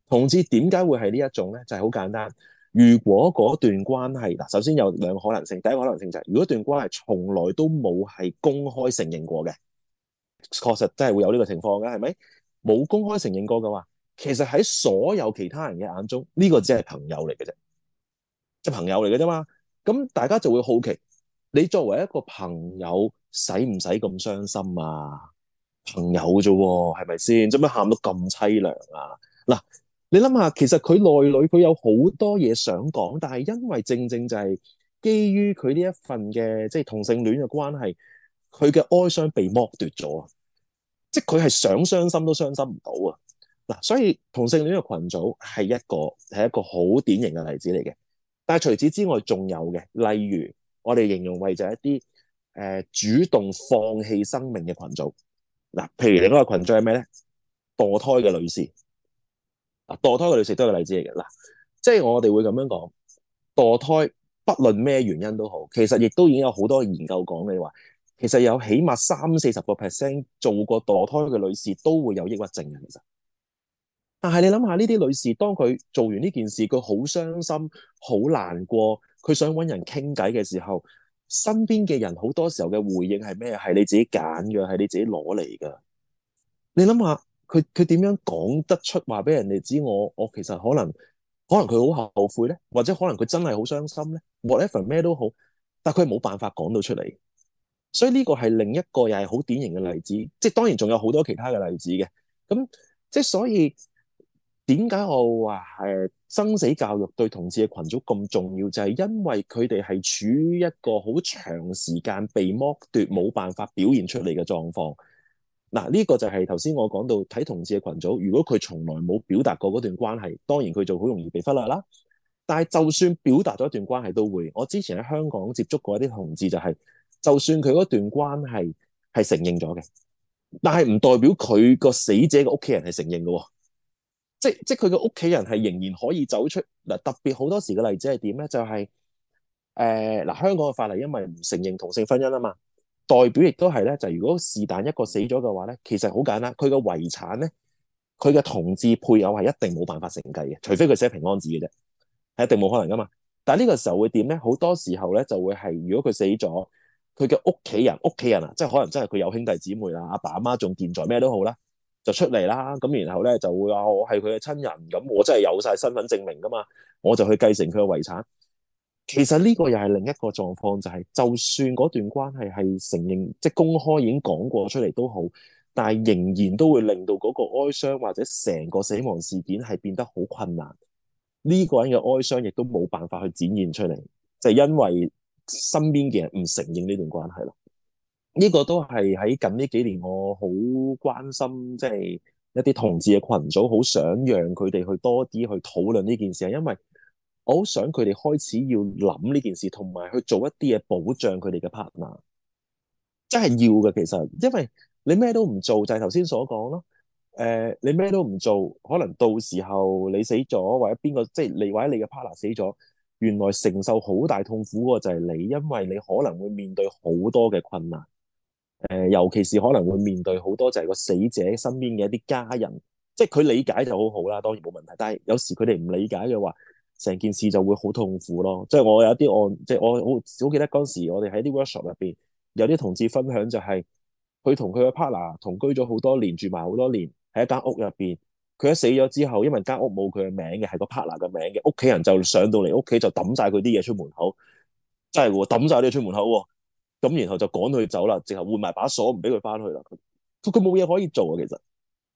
同志點解會係呢一種咧？就係好簡單。如果嗰段關係嗱，首先有兩個可能性，第一個可能性就係如果段關係從來都冇係公開承認過嘅。確實真係會有呢個情況嘅，係咪？冇公開承認過嘅話，其實喺所有其他人嘅眼中，呢個只係朋友嚟嘅啫，即係朋友嚟嘅啫嘛。咁大家就會好奇，你作為一個朋友，使唔使咁傷心啊？朋友啫，係咪先？做咩喊到咁淒涼啊？嗱，你諗下，其實佢內裏佢有好多嘢想講，但係因為正正就係基於佢呢一份嘅即係同性戀嘅關係。佢嘅哀傷被剝奪咗，即係佢係想傷心都傷心唔到啊！嗱，所以同性戀嘅群組係一個係一個好典型嘅例子嚟嘅。但係除此之外仲有嘅，例如我哋形容為就係一啲誒、呃、主動放棄生命嘅群組。嗱，譬如另一個群組係咩咧？墮胎嘅女士，嗱，墮胎嘅女士都係個例子嚟嘅。嗱，即係我哋會咁樣講，墮胎不論咩原因都好，其實亦都已經有好多研究講你話。其實有起碼三四十個 percent 做過墮胎嘅女士都會有抑鬱症嘅。其實，但係你諗下呢啲女士，當佢做完呢件事，佢好傷心、好難過，佢想揾人傾偈嘅時候，身邊嘅人好多時候嘅回應係咩？係你自己揀嘅，係你自己攞嚟噶。你諗下，佢佢點樣講得出話俾人哋知我我其實可能可能佢好後悔呢，或者可能佢真係好傷心呢 whatever 咩都好，但係佢冇辦法講到出嚟。所以呢個係另一個又係好典型嘅例子，即係當然仲有好多其他嘅例子嘅。咁即係所以點解我話誒生死教育對同志嘅群組咁重要，就係、是、因為佢哋係處於一個好長時間被剝奪、冇辦法表現出嚟嘅狀況。嗱，呢、這個就係頭先我講到睇同志嘅群組，如果佢從來冇表達過嗰段關係，當然佢就好容易被忽略啦。但係就算表達咗一段關係，都會。我之前喺香港接觸過一啲同志、就是，就係。就算佢嗰段關係係承認咗嘅，但係唔代表佢個死者嘅屋企人係承認嘅，哦，即即佢個屋企人係仍然可以走出嗱。特別好多時嘅例子係點咧？就係誒嗱，香港嘅法例因為唔承認同性婚姻啊嘛，代表亦都係咧，就如果是但一個死咗嘅話咧，其實好簡單，佢嘅遺產咧，佢嘅同志配偶係一定冇辦法承繼嘅，除非佢寫平安紙嘅啫，係一定冇可能噶嘛。但係呢個時候會點咧？好多時候咧就會係如果佢死咗。佢嘅屋企人，屋企人啊，即係可能真係佢有兄弟姊妹啊，阿爸阿媽仲健在，咩都好啦，就出嚟啦。咁然後咧就會話我係佢嘅親人，咁我真係有晒身份證明噶嘛，我就去繼承佢嘅遺產。其實呢個又係另一個狀況，就係就算嗰段關係係承認即係公開已經講過出嚟都好，但係仍然都會令到嗰個哀傷或者成個死亡事件係變得好困難，呢個人嘅哀傷亦都冇辦法去展現出嚟，就係因為。身邊嘅人唔承認呢段關係咯，呢個都係喺近呢幾年我好關心，即係一啲同志嘅群組，好想讓佢哋去多啲去討論呢件事，因為我好想佢哋開始要諗呢件事，同埋去做一啲嘢保障佢哋嘅 partner，真係要嘅其實，因為你咩都唔做，就係頭先所講咯，誒、呃，你咩都唔做，可能到時候你死咗，或者邊個即係你，或者你嘅 partner 死咗。原來承受好大痛苦嘅就係你，因為你可能會面對好多嘅困難，誒、呃，尤其是可能會面對好多就係個死者身邊嘅一啲家人，即係佢理解就好好啦，當然冇問題。但係有時佢哋唔理解嘅話，成件事就會好痛苦咯。即係我有啲案，即係我好好記得嗰陣時，我哋喺啲 workshop 入邊，有啲同志分享就係、是、佢同佢嘅 partner 同居咗好多年，住埋好多年喺一間屋入邊。佢一死咗之後，因為間屋冇佢嘅名嘅，係個 partner 嘅名嘅，屋企人就上到嚟屋企就抌晒佢啲嘢出門口，真係喎，抌晒啲嘢出門口喎，咁然後就趕佢走啦，直頭換埋把鎖，唔俾佢翻去啦。佢佢冇嘢可以做啊，其實，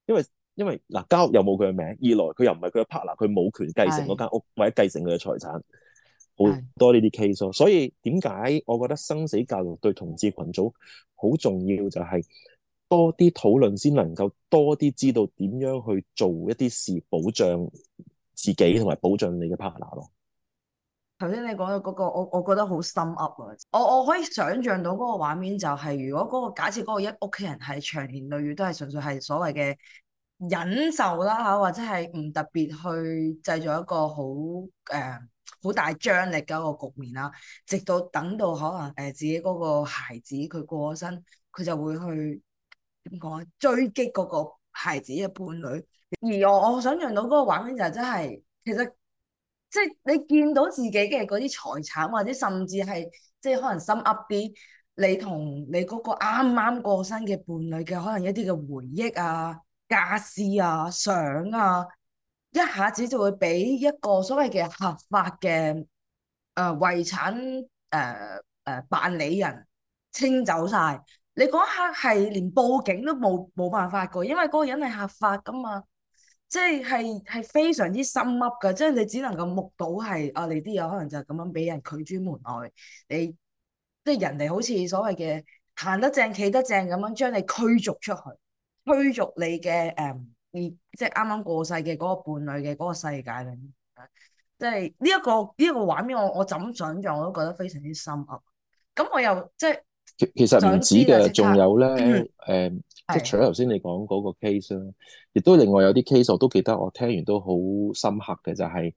因為因為嗱，間屋又冇佢嘅名，二來佢又唔係佢嘅 partner，佢冇權繼承嗰間屋或者繼承佢嘅財產，好多呢啲 case，所以點解我覺得生死教育對同志群組好重要就係。多啲討論先能夠多啲知道點樣去做一啲事，保障自己同埋保障你嘅 partner 咯。頭先你講到嗰個，我我覺得好心噏啊！我我可以想像到嗰個畫面就係、是，如果嗰、那個假設嗰個一屋企人係長年累月都係純粹係所謂嘅忍受啦嚇，或者係唔特別去製造一個好誒好大張力嘅一個局面啦，直到等到可能誒自己嗰個孩子佢過咗身，佢就會去。點講追擊嗰個孩子嘅伴侶，而我我想像到嗰個畫面就真、是、係，其實即係、就是、你見到自己嘅嗰啲財產，或者甚至係即係可能心噏啲，你同你嗰個啱啱過身嘅伴侶嘅可能一啲嘅回憶啊、家私啊、相啊，一下子就會俾一個所謂嘅合法嘅誒遺產誒誒、呃呃、辦理人清走晒。你嗰刻係連報警都冇冇辦法㗎，因為嗰個人係合法噶嘛，即係係係非常之深屈噶，即係你只能夠目睹係啊，你啲有可能就咁樣俾人拒諸門外，你即係人哋好似所謂嘅行得正企得正咁樣將你驅逐出去，驅逐你嘅誒你即係啱啱過世嘅嗰個伴侶嘅嗰個世界啦，即係呢一個呢一個畫面我我怎想象我都覺得非常之深屈，咁我又即係。其實唔止嘅，仲有咧，誒、呃，的即除咗頭先你講嗰個 case 啦的，亦都另外有啲 case，我都記得我聽完都好深刻嘅，就係、是、誒、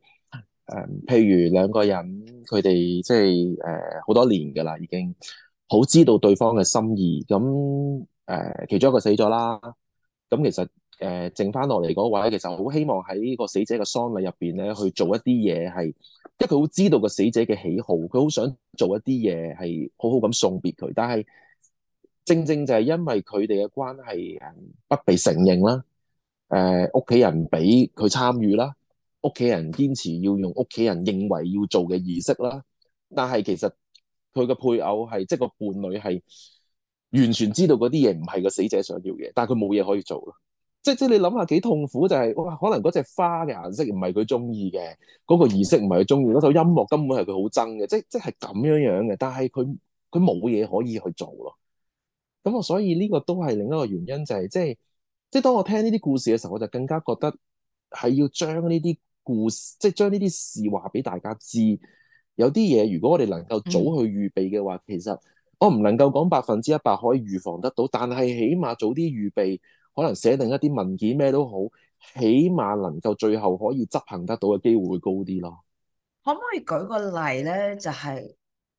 呃，譬如兩個人佢哋即係誒好多年㗎喇，已經好知道對方嘅心意，咁誒、呃，其中一個死咗啦，咁其實。誒、呃，剩翻落嚟嗰位，其實好希望喺呢個死者嘅喪禮入邊咧去做一啲嘢，係，因為佢好知道個死者嘅喜好，佢好想做一啲嘢係好好咁送別佢。但係正正就係因為佢哋嘅關係，唔不被承認啦，誒、呃，屋企人俾佢參與啦，屋企人堅持要用屋企人認為要做嘅儀式啦，但係其實佢嘅配偶係，即係個伴侶係完全知道嗰啲嘢唔係個死者想要嘅，但係佢冇嘢可以做。即即你諗下幾痛苦，就係哇，可能嗰隻花嘅顏色唔係佢中意嘅，嗰個儀式唔係佢中意，嗰首音樂根本係佢好憎嘅，即即係咁樣樣嘅。但係佢佢冇嘢可以去做咯。咁啊，所以呢個都係另一個原因就係即係即即當我聽呢啲故事嘅時候，我就更加覺得係要將呢啲故事，即將呢啲事話俾大家知。有啲嘢如果我哋能夠早去預備嘅話，嗯、其實我唔能夠講百分之一百可以預防得到，但係起碼早啲預備。可能寫定一啲文件咩都好，起碼能夠最後可以執行得到嘅機會會高啲咯。可唔可以舉個例咧？就係、是、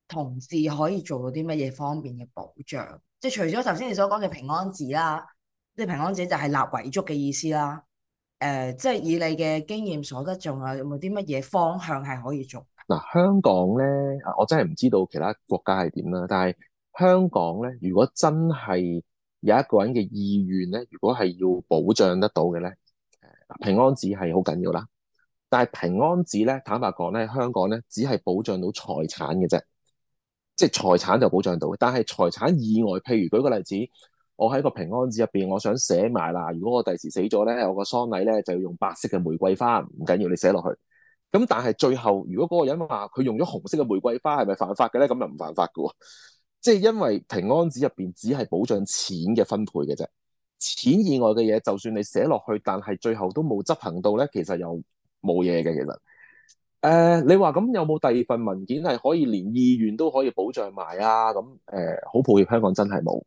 同事可以做到啲乜嘢方便嘅保障？即係除咗頭先你所講嘅平安紙啦、呃，即係平安紙就係立遺囑嘅意思啦。誒，即係以你嘅經驗所得，仲有有冇啲乜嘢方向係可以做？嗱、呃，香港咧，我真係唔知道其他國家係點啦。但係香港咧，如果真係，有一個人嘅意願咧，如果係要保障得到嘅咧，平安紙係好緊要啦。但係平安紙咧，坦白講咧，香港咧，只係保障到財產嘅啫，即係財產就保障到。但係財產以外，譬如舉個例子，我喺個平安紙入邊，我想寫埋啦，如果我第時死咗咧，我個喪禮咧就要用白色嘅玫瑰花，唔緊要，你寫落去。咁但係最後，如果嗰個人話佢用咗紅色嘅玫瑰花，係咪犯法嘅咧？咁又唔犯法嘅喎。即係因為平安紙入邊只係保障錢嘅分配嘅啫，錢以外嘅嘢，就算你寫落去，但係最後都冇執行到咧，其實又冇嘢嘅。其實，誒、呃，你話咁有冇第二份文件係可以連意願都可以保障埋啊？咁誒，好、呃、抱歉，香港真係冇，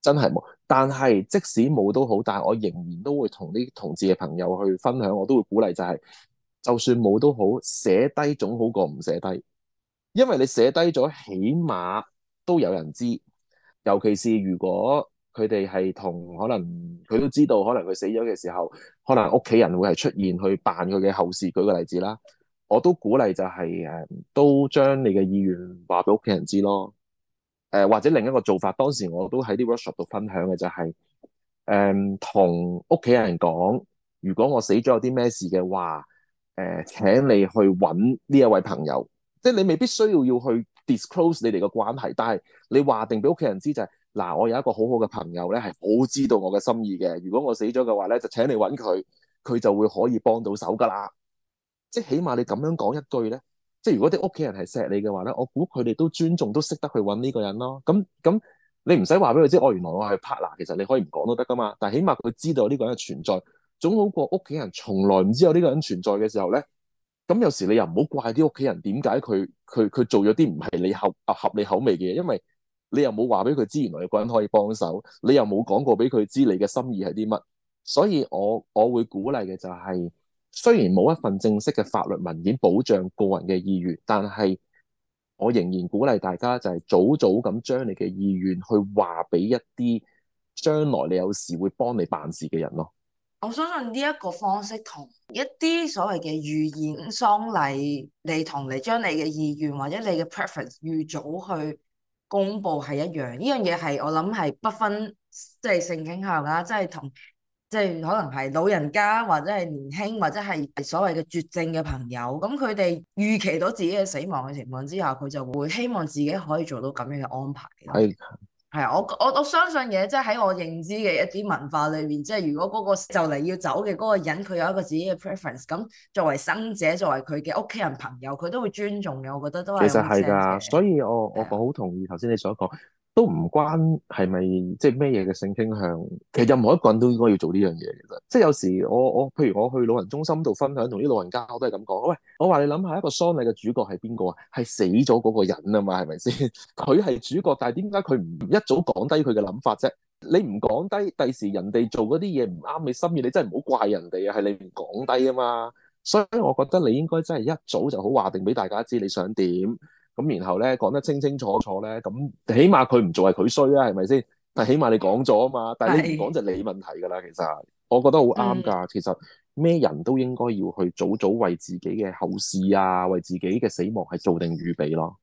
真係冇。但係即使冇都好，但係我仍然都會同啲同志嘅朋友去分享，我都會鼓勵就係、是，就算冇都好，寫低總好過唔寫低，因為你寫低咗，起碼，都有人知，尤其是如果佢哋係同可能佢都知道，可能佢死咗嘅時候，可能屋企人會係出現去辦佢嘅後事。舉個例子啦，我都鼓勵就係、是、誒、嗯，都將你嘅意願話俾屋企人知咯。誒、呃、或者另一個做法，當時我都喺啲 workshop 度分享嘅就係、是、誒，同屋企人講，如果我死咗有啲咩事嘅話，誒、呃、請你去揾呢一位朋友，即、就、係、是、你未必需要要去。Disclose 你哋嘅關係，但係你話定俾屋企人知就係，嗱，我有一個好好嘅朋友咧，係好知道我嘅心意嘅。如果我死咗嘅話咧，就請你揾佢，佢就會可以幫到手噶啦。即係起碼你咁樣講一句咧，即係如果啲屋企人係錫你嘅話咧，我估佢哋都尊重，都識得去揾呢個人咯。咁、嗯、咁、嗯、你唔使話俾佢知，我原來我係 partner，其實你可以唔講都得噶嘛。但係起碼佢知道呢個人存在，總好過屋企人從來唔知有呢個人存在嘅時候咧。咁有時你又唔好怪啲屋企人點解佢佢佢做咗啲唔係你合合合你口味嘅嘢，因為你又冇話俾佢知原來有個人可以幫手，你又冇講過俾佢知你嘅心意係啲乜，所以我我會鼓勵嘅就係雖然冇一份正式嘅法律文件保障個人嘅意願，但係我仍然鼓勵大家就係早早咁將你嘅意願去話俾一啲將來你有時會幫你辦事嘅人咯。我相信呢一個方式同一啲所謂嘅預演喪禮，你同你將你嘅意願或者你嘅 preference 預早去公佈係一樣。呢樣嘢係我諗係不分即係性傾向啦，即係同即係可能係老人家或者係年輕或者係所謂嘅絕症嘅朋友，咁佢哋預期到自己嘅死亡嘅情況之下，佢就會希望自己可以做到咁樣嘅安排。係。係啊，我我我相信嘅，即係喺我認知嘅一啲文化裏面，即係如果嗰個就嚟要走嘅嗰個人，佢有一個自己嘅 preference，咁作為生者，作為佢嘅屋企人朋友，佢都會尊重嘅。我覺得都係。其實係㗎，所以我我好同意頭先你所講。Yeah. 都唔關係咪即係咩嘢嘅性傾向，其實任何一個人都應該要做呢樣嘢。其實即係有時我我譬如我去老人中心度分享，同啲老人家我都係咁講。喂，我話你諗下一個喪禮嘅主角係邊個啊？係死咗嗰個人啊嘛，係咪先？佢 係主角，但係點解佢唔一早講低佢嘅諗法啫？你唔講低，第時人哋做嗰啲嘢唔啱你心意，你真係唔好怪人哋啊！係你唔講低啊嘛，所以我覺得你應該真係一早就好話定俾大家知你想點。咁然後咧講得清清楚楚咧，咁起碼佢唔做係佢衰啦，係咪先？但起碼你講咗啊嘛，但係你唔講就你問題㗎啦。其實我覺得好啱㗎，嗯、其實咩人都應該要去早早為自己嘅後事啊，為自己嘅死亡係做定預備咯。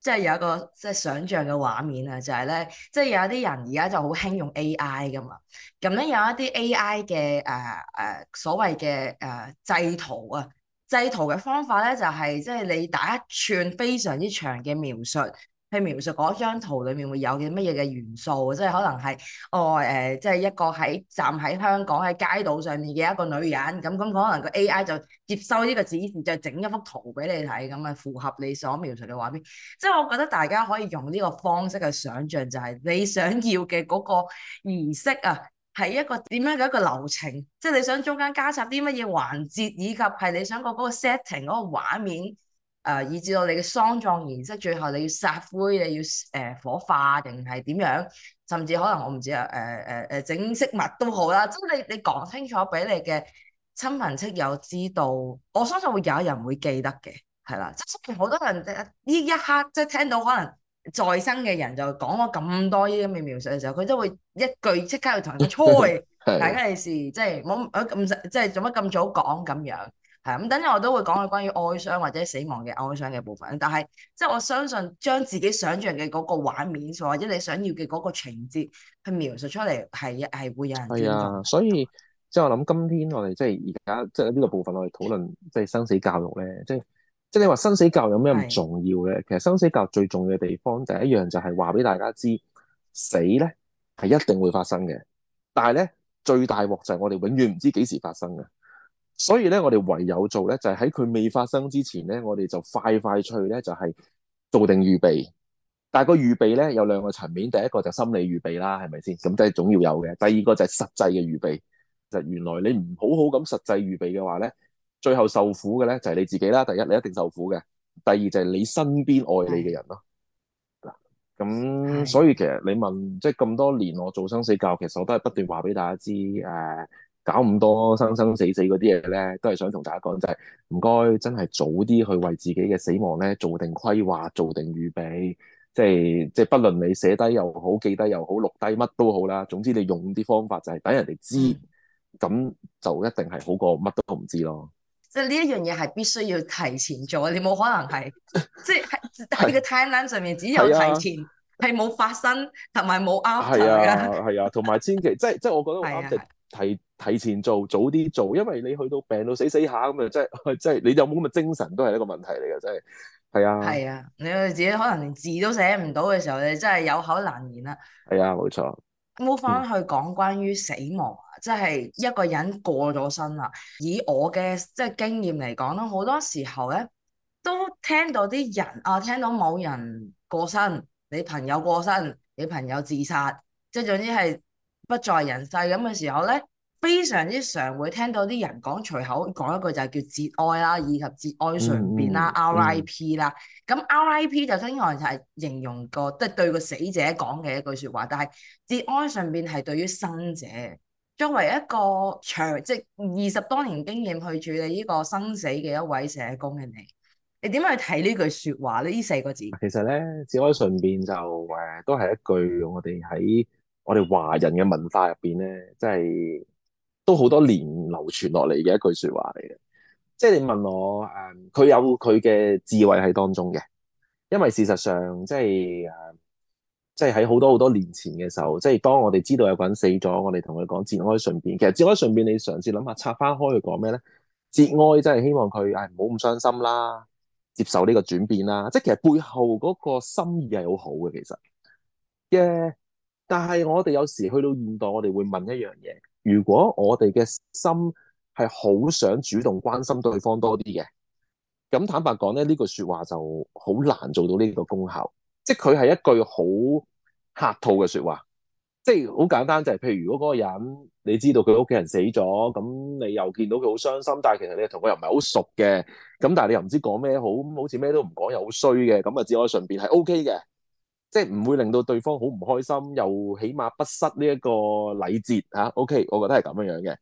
即係有一個即係想像嘅畫面、就係、啊，就係咧，即係有一啲人而家就好興用 AI 噶嘛，咁咧有一啲 AI 嘅誒誒所謂嘅誒製圖啊。製圖嘅方法咧，就係即係你打一串非常之長嘅描述，去描述嗰張圖裏面會有嘅乜嘢嘅元素，即係可能係哦誒，即、呃、係、就是、一個喺站喺香港喺街道上面嘅一個女人，咁咁可能個 A I 就接收呢個指示，就整一幅圖俾你睇，咁啊符合你所描述嘅畫面。即係我覺得大家可以用呢個方式去想象，就係、是、你想要嘅嗰個儀式啊。係一個點樣嘅一個流程，即係你想中間加插啲乜嘢環節，以及係你想個嗰、嗰個 setting 嗰個畫面，誒、呃，以至到你嘅喪葬形式，最後你要撒灰，你要誒、呃、火化定係點樣，甚至可能我唔知啊，誒誒誒整飾物都好啦，即係你你講清楚俾你嘅親朋戚友知道，我相信會有一人會記得嘅，係啦，即係好多人呢一刻即係聽到可能。在生嘅人就講咗咁多呢啲嘅描述嘅時候，佢都會一句即刻要同人吹大吉利是，即係冇咁唔使，即係做乜咁早講咁樣係啊。咁等陣我都會講佢關於哀傷或者死亡嘅哀傷嘅部分。但係即係我相信將自己想象嘅嗰個畫面，或者你想要嘅嗰個情節去描述出嚟，係係會有人。係啊，所以即係我諗，今天我哋即係而家即係呢個部分，我哋討論即係生死教育咧，即係。即係你話生死教有咩唔重要咧？是其實生死教最重要嘅地方，第一樣就係話俾大家知，死咧係一定會發生嘅。但係咧，最大禍就係我哋永遠唔知幾時發生嘅。所以咧，我哋唯有做咧就係喺佢未發生之前咧，我哋就快快去咧就係、是、做定預備。但係個預備咧有兩個層面，第一個就心理預備啦，係咪先？咁即係總要有嘅。第二個就係實際嘅預備。其實原來你唔好好咁實際預備嘅話咧。最後受苦嘅咧就係、是、你自己啦。第一你一定受苦嘅，第二就係你身邊愛你嘅人咯。嗱，咁所以其實你問即係咁多年我做生死教，其實我都係不斷話俾大家知，誒、啊，搞咁多生生死死嗰啲嘢咧，都係想同大家講就係唔該，真係早啲去為自己嘅死亡咧做定規劃、做定預備，即係即係不論你寫低又好、記低又好、錄低乜都好啦。總之你用啲方法就係等人哋知，咁就一定係好過乜都唔知咯。即係呢一樣嘢係必須要提前做，你冇可能係 是即係喺個 timeline 上面只有提前，係冇、啊、發生同埋冇啱。係啊，係啊，同埋千祈 即係即係，我覺得啱啲、啊、提提前做，早啲做，因為你去到病到死死下咁啊，即係即係，你有冇咁嘅精神都係一個問題嚟嘅。真係係啊。係啊，你自己可能連字都寫唔到嘅時候，你真係有口難言啦。係啊，冇錯。冇翻去講關於死亡啊，即係一個人過咗身啦。以我嘅即係經驗嚟講啦，好多時候咧都聽到啲人啊，聽到某人過身，你朋友過身，你朋友自殺，即係總之係不在人世咁嘅時候咧。非常之常會聽到啲人講，隨口講一句就係叫節哀啦，以及節哀順變啦、R.I.P. 啦、嗯。咁 R.I.P.、嗯、就通常就係形容個即係對個死者講嘅一句説話，但係節哀順變係對於生者，作為一個長即二十多年經驗去處理呢個生死嘅一位社工嘅你，你點樣去睇呢句説話咧？呢四個字其實咧，節哀順變就誒都係一句我哋喺我哋華人嘅文化入邊咧，即係。都好多年流傳落嚟嘅一句說話嚟嘅，即係你問我，誒，佢有佢嘅智慧喺當中嘅，因為事實上，即係誒，即係喺好多好多年前嘅時候，即係當我哋知道有個人死咗，我哋同佢講節哀順變。其實節哀順變你嘗試諗下拆翻開佢講咩咧？節哀真係希望佢誒唔好咁傷心啦，接受呢個轉變啦。即係其實背後嗰個心意係好好嘅，其實嘅。Yeah, 但係我哋有時去到現代，我哋會問一樣嘢。如果我哋嘅心係好想主動關心對方多啲嘅，咁坦白講咧，呢句説話就好難做到呢個功效。即係佢係一句好客套嘅説話，即係好簡單，就係，就係譬如如果嗰個人你知道佢屋企人死咗，咁你又見到佢好傷心，但係其實你同佢又唔係好熟嘅，咁但係你又唔知講咩好，好似咩都唔講又好衰嘅，咁啊，只可以順便係 OK 嘅。即係唔會令到對方好唔開心，又起碼不失呢一個禮節吓。OK，我覺得係咁樣樣嘅。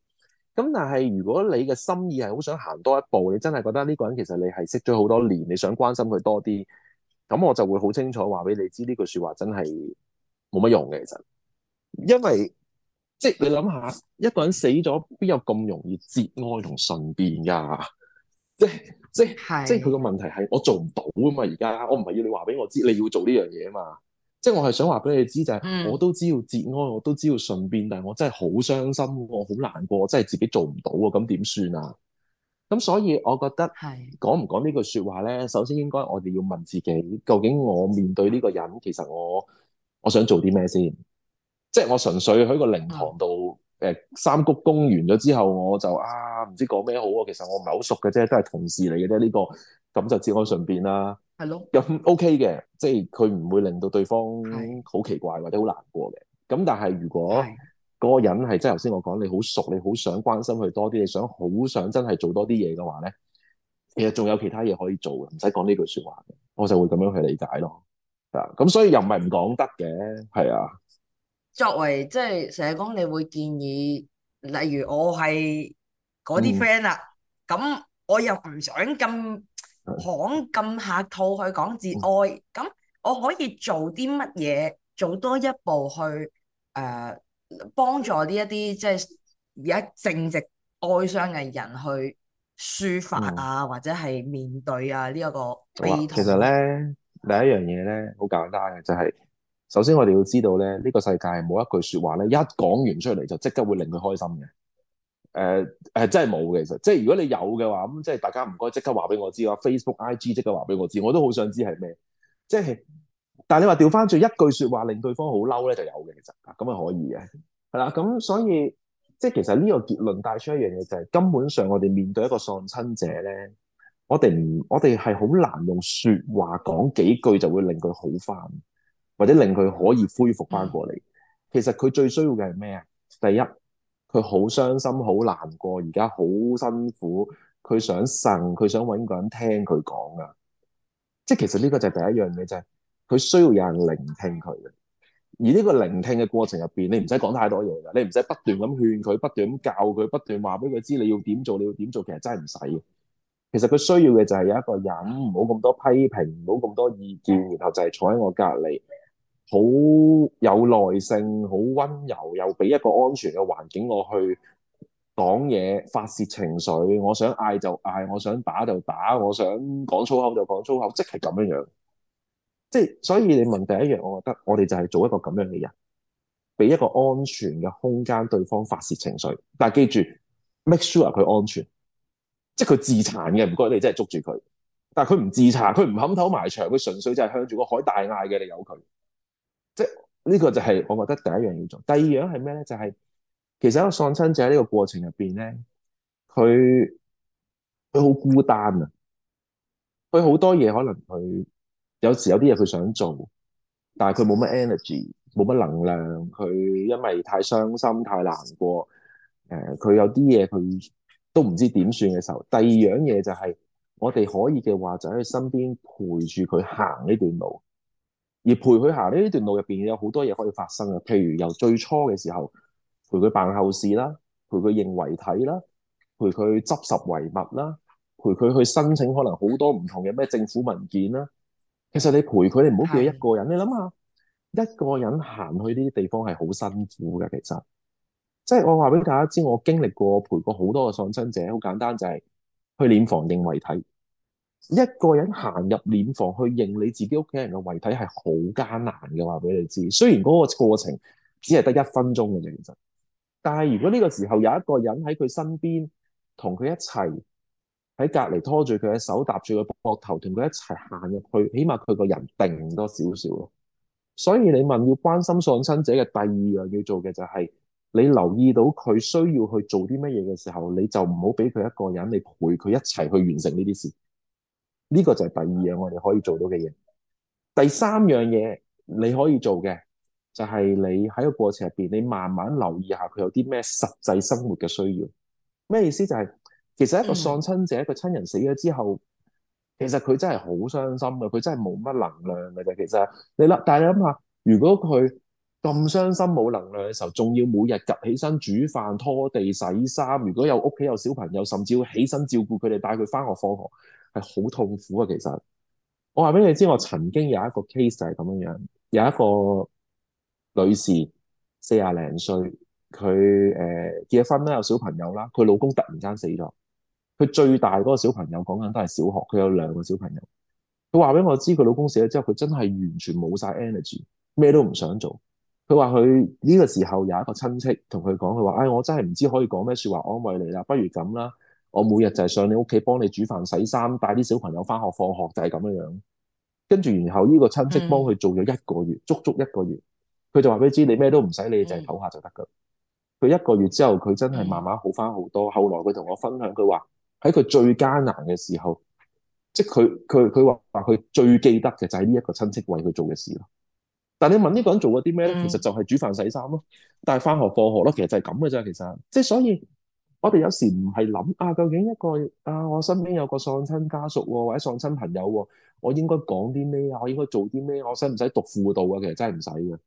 咁但係如果你嘅心意係好想行多一步，你真係覺得呢個人其實你係識咗好多年，你想關心佢多啲，咁我就會好清楚話俾你知呢句説話真係冇乜用嘅。其實因為即係你諗下，一個人死咗，邊有咁容易節哀同順變噶即係。即係的即係佢個問題係我做唔到啊嘛！而家我唔係要你話俾我知你要做呢樣嘢啊嘛！即係我係想話俾你知就係、是，的我都知要節哀，我都知要順變。但係我真係好傷心，我好難過，真係自己做唔到啊！咁點算啊？咁所以我覺得的講唔講句呢句説話咧，首先應該我哋要問自己，究竟我面對呢個人，其實我我想做啲咩先？即係我純粹喺個靈堂度誒的、呃、三鞠躬完咗之後，我就啊～唔、啊、知講咩好啊，其實我唔係好熟嘅啫，都係同事嚟嘅啫。呢、這個咁就只可順便啦。係咯 Hello?、嗯，咁 OK 嘅，即係佢唔會令到對方好奇怪或者好難過嘅。咁、mm hmm. 但係如果嗰個人係即係頭先我講你好熟，你好想關心佢多啲，你想好想真係做多啲嘢嘅話咧，其實仲有其他嘢可以做嘅，唔使講呢句說話嘅。我就會咁樣去理解咯。啊，咁所以又唔係唔講得嘅，係啊。作為即係社工，你會建議，例如我係。嗰啲 friend 啊，咁、嗯、我又唔想咁行咁客套去講自愛，咁、嗯、我可以做啲乜嘢？做多一步去，誒、呃，幫助呢一啲即係而家正值哀傷嘅人去抒發啊，嗯、或者係面對啊呢一、這個悲痛。嗯、其實咧，第一樣嘢咧好簡單嘅，就係、是、首先我哋要知道咧，呢、這個世界冇一句說話咧，一講完出嚟，就即刻會令佢開心嘅。誒誒、uh, 啊，真係冇嘅，其實即係如果你有嘅話，咁即係大家唔該即刻話俾我知啊，Facebook、IG 即刻話俾我知，我都好想知係咩。即係，但係你話調翻轉一句說話，話令對方好嬲咧，就有嘅其實咁啊可以嘅，係啦。咁所以即係其實呢個結論帶出一樣嘢就係、是，根本上我哋面對一個喪親者咧，我哋唔，我哋係好難用說話講幾句就會令佢好翻，或者令佢可以恢復翻過嚟。其實佢最需要嘅係咩啊？第一。佢好傷心，好難過，而家好辛苦。佢想呻，佢想揾個人聽佢講啊！即係其實呢個就係第一樣嘢就係，佢需要有人聆聽佢嘅。而呢個聆聽嘅過程入邊，你唔使講太多嘢噶，你唔使不斷咁勸佢，不斷咁教佢，不斷話俾佢知你要點做，你要點做，其實真係唔使嘅。其實佢需要嘅就係有一個人，唔好咁多批評，唔好咁多意見，然後就係坐喺我隔離。好有耐性，好溫柔，又俾一個安全嘅環境我去講嘢，發洩情緒。我想嗌就嗌，我想打就打，我想講粗口就講粗口，即係咁樣樣。即係所以你問第一樣，我覺得我哋就係做一個咁樣嘅人，俾一個安全嘅空間對方發洩情緒。但係記住，make sure 佢安全，即係佢自殘嘅唔該，你真係捉住佢。但係佢唔自殘，佢唔冚頭埋牆，佢純粹就係向住個海大嗌嘅，你由佢。呢個就係我覺得第一樣要做。第二樣係咩咧？就係、是、其實一個喪親者喺呢個過程入邊咧，佢佢好孤單啊！佢好多嘢可能佢有時有啲嘢佢想做，但係佢冇乜 energy，冇乜能量。佢因為太傷心、太難過，誒、呃，佢有啲嘢佢都唔知點算嘅時候。第二樣嘢就係、是、我哋可以嘅話，就喺身邊陪住佢行呢段路。而陪佢行呢段路入邊，有好多嘢可以發生啊！譬如由最初嘅時候，陪佢辦後事啦，陪佢認遺體啦，陪佢執拾遺物啦，陪佢去申請可能好多唔同嘅咩政府文件啦。其實你陪佢，你唔好叫佢一個人。你諗下，一個人行去呢啲地方係好辛苦嘅。其實，即係我話俾大家知，我經歷過陪過好多個喪親者，好簡單就係去殮房認遺體。一個人行入殮房去認你自己屋企人嘅遺體係好艱難嘅，話俾你知。雖然嗰個過程只係得一分鐘嘅啫，但係如果呢個時候有一個人喺佢身邊，同佢一齊喺隔籬拖住佢嘅手，搭住佢膊頭，同佢一齊行入去，起碼佢個人定多少少咯。所以你問，要關心喪親者嘅第二樣要做嘅就係，你留意到佢需要去做啲乜嘢嘅時候，你就唔好俾佢一個人，你陪佢一齊去完成呢啲事。呢個就係第二樣我哋可以做到嘅嘢。第三樣嘢你可以做嘅，就係、是、你喺個過程入邊，你慢慢留意下佢有啲咩實際生活嘅需要。咩意思、就是？就係其實一個喪親者，嗯、一個親人死咗之後，其實佢真係好傷心嘅，佢真係冇乜能量嘅。其實你諗，但係你諗下，如果佢咁傷心冇能量嘅時候，仲要每日及起身煮飯、拖地、洗衫，如果有屋企有小朋友，甚至要起身照顧佢哋，帶佢返學、放學。係好痛苦啊！其實我話俾你知，我曾經有一個 case 就係咁樣樣，有一個女士四廿零歲，佢誒、呃、結咗婚啦，有小朋友啦，佢老公突然間死咗，佢最大嗰個小朋友講緊都係小學，佢有兩個小朋友。佢話俾我知，佢老公死咗之後，佢真係完全冇晒 energy，咩都唔想做。佢話佢呢個時候有一個親戚同佢講，佢話：唉、哎，我真係唔知可以講咩說話安慰你啦，不如咁啦。我每日就係上你屋企幫你煮飯、洗衫、帶啲小朋友翻學、放學，就係咁樣樣。跟住然後呢個親戚幫佢做咗一個月，嗯、足足一個月，佢就話俾你知你咩都唔使理，淨係唞下就得噶。佢、嗯、一個月之後，佢真係慢慢好翻好多。嗯、後來佢同我分享，佢話喺佢最艱難嘅時候，即係佢佢佢話佢最記得嘅就係呢一個親戚為佢做嘅事咯。但係你問呢個人做咗啲咩咧？其實就係煮飯、洗衫咯，但係翻學、放學咯，其實就係咁嘅啫。其實即係所以。所以我哋有時唔係諗啊，究竟一個啊，我身邊有個喪親家屬喎，或者喪親朋友喎，我應該講啲咩啊？我應該做啲咩？我使唔使讀輔導啊？其實真係唔使嘅。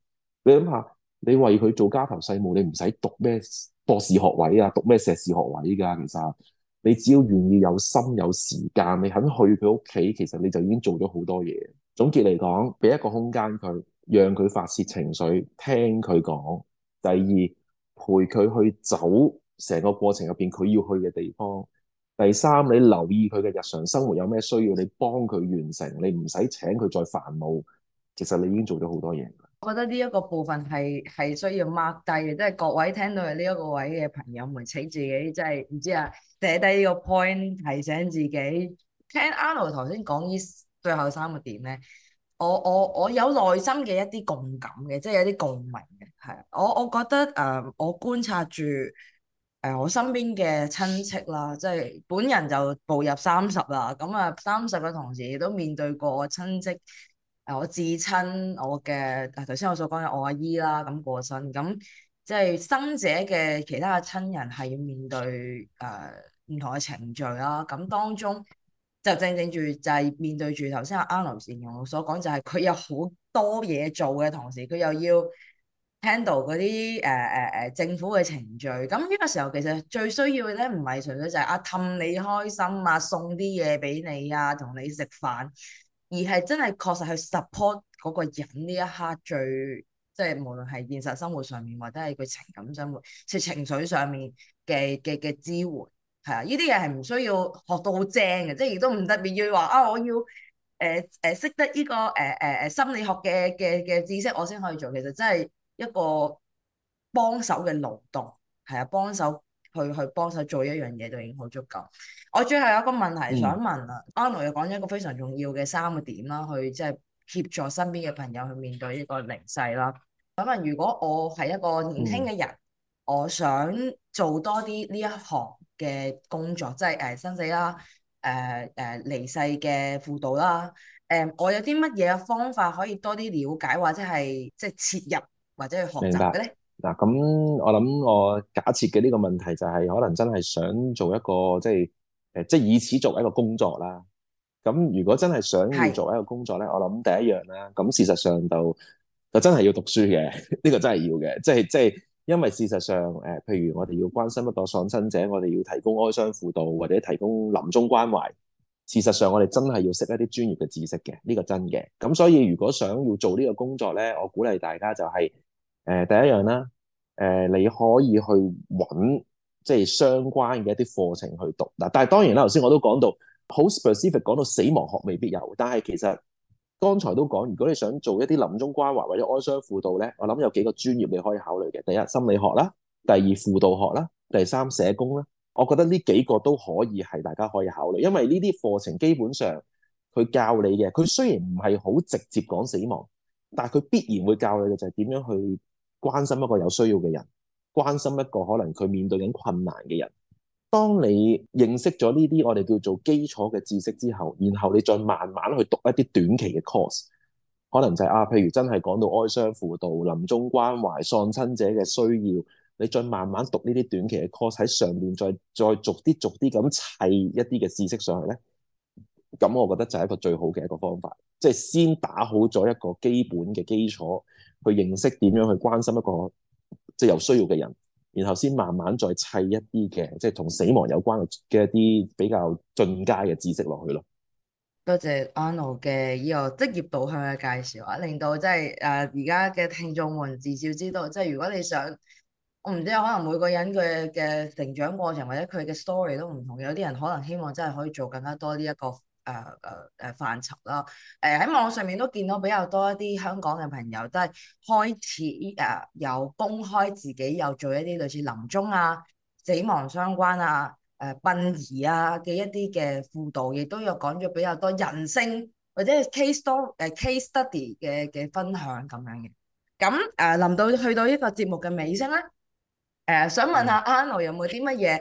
你諗下，你為佢做家頭細務，你唔使讀咩博士學位啊，讀咩碩士學位㗎，啊。其實你只要願意有心有時間，你肯去佢屋企，其實你就已經做咗好多嘢。總結嚟講，俾一個空間佢，讓佢發洩情緒，聽佢講。第二，陪佢去走。成個過程入邊，佢要去嘅地方。第三，你留意佢嘅日常生活有咩需要，你幫佢完成，你唔使請佢再煩惱。其實你已經做咗好多嘢。我覺得呢一個部分係係需要 mark 低，即係各位聽到呢一個位嘅朋友們，請自己即係唔知啊，寫低個 point 提醒自己。聽 Arnold 頭先講呢最後三個點咧，我我我有內心嘅一啲共感嘅，即係有啲共鳴嘅，係我我覺得誒、呃，我觀察住。誒、呃、我身邊嘅親戚啦，即係本人就步入三十啦，咁、嗯、啊三十嘅同時亦都面對過我親戚，誒、呃、我至親我嘅誒頭先我所講嘅我阿姨啦，咁、嗯、過身，咁、嗯、即係生者嘅其他嘅親人係要面對誒唔、呃、同嘅程序啦，咁、嗯嗯嗯嗯、當中就正正住就係面對住頭先阿 Arnold 形容所講，就係佢有好多嘢做嘅同時，佢又要 handle 嗰啲誒誒誒政府嘅程序，咁呢個時候其實最需要嘅咧，唔係純粹就係、是、啊氹你開心啊，送啲嘢俾你啊，同你食飯，而係真係確實去 support 嗰個人呢一刻最，即係無論係現實生活上面或者係佢情感生活、即係情緒上面嘅嘅嘅支援，係啊，呢啲嘢係唔需要學到好精嘅，即係亦都唔特別要話啊，我要誒誒識得呢、這個誒誒誒心理學嘅嘅嘅知識，我先可以做，其實真係。一個幫手嘅勞動係啊，幫手佢去幫手做一樣嘢就已經好足夠。我最後有一個問題想問啊、嗯、Arnold 又講咗一個非常重要嘅三個點啦，去即係協助身邊嘅朋友去面對呢個離世啦。咁問如果我係一個年輕嘅人，嗯、我想做多啲呢一行嘅工作，即係誒、呃、生死啦、誒誒離世嘅輔導啦。誒、呃，我有啲乜嘢方法可以多啲了解或者係即係切入？或者去學習嘅嗱，咁我諗我假設嘅呢個問題就係、是、可能真係想做一個即係誒，即係以此作為一個工作啦。咁如果真係想要做一個工作咧，是我諗第一樣啦，咁事實上就就真係要讀書嘅，呢 個真係要嘅，即係即係因為事實上誒、呃，譬如我哋要關心一個喪親者，我哋要提供哀傷輔導或者提供臨終關懷，事實上我哋真係要識一啲專業嘅知識嘅，呢、這個真嘅。咁所以如果想要做呢個工作咧，我鼓勵大家就係、是。誒、呃，第一樣啦，誒、呃，你可以去揾即係相關嘅一啲課程去讀嗱，但係當然啦，頭先我都講到好 specific 講到死亡學未必有，但係其實剛才都講，如果你想做一啲臨終關懷或者哀傷輔導咧，我諗有幾個專業你可以考慮嘅，第一心理學啦，第二輔導學啦，第三社工啦，我覺得呢幾個都可以係大家可以考慮，因為呢啲課程基本上佢教你嘅，佢雖然唔係好直接講死亡，但係佢必然會教你嘅就係點樣去。關心一個有需要嘅人，關心一個可能佢面對緊困難嘅人。當你認識咗呢啲我哋叫做基礎嘅知識之後，然後你再慢慢去讀一啲短期嘅 course，可能就係啊，譬如真係講到哀傷輔導、臨終關懷、喪親者嘅需要，你再慢慢讀呢啲短期嘅 course，喺上面再再逐啲逐啲咁砌一啲嘅知識上去呢。咧，咁我覺得就係一個最好嘅一個方法，即係先打好咗一個基本嘅基礎。去認識點樣去關心一個即係有需要嘅人，然後先慢慢再砌一啲嘅，即係同死亡有關嘅一啲比較進階嘅知識落去咯。多謝 Arnold 嘅呢個職業導向嘅介紹，令到即係誒而家嘅聽眾們至少知道，即係如果你想，我唔知可能每個人佢嘅成長過程或者佢嘅 story 都唔同，有啲人可能希望真係可以做更加多呢一個。誒誒誒範疇啦，誒喺、啊啊啊、網上面都見到比較多一啲香港嘅朋友都係開始誒有公開自己有做一啲類似臨終啊、死、啊、亡相關啊、誒、啊、殯儀啊嘅一啲嘅輔導，亦都有講咗比較多人性或者 case story 誒 case study 嘅嘅分享咁樣嘅。咁誒臨到去到呢個節目嘅尾聲咧。誒、呃，想問下阿劉、嗯、有冇啲乜嘢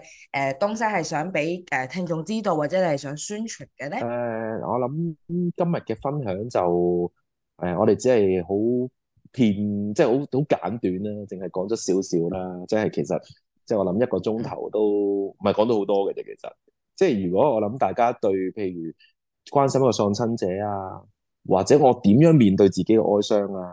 誒東西係想俾誒聽眾知道，或者你係想宣傳嘅咧？誒、呃，我諗今日嘅分享就誒、呃，我哋只係好片，即係好好簡短啦，淨係講咗少少啦。即係其實即係我諗一個鐘頭都唔係講到好多嘅啫。其實即係如果我諗大家對譬如關心一個喪親者啊，或者我點樣面對自己嘅哀傷啊，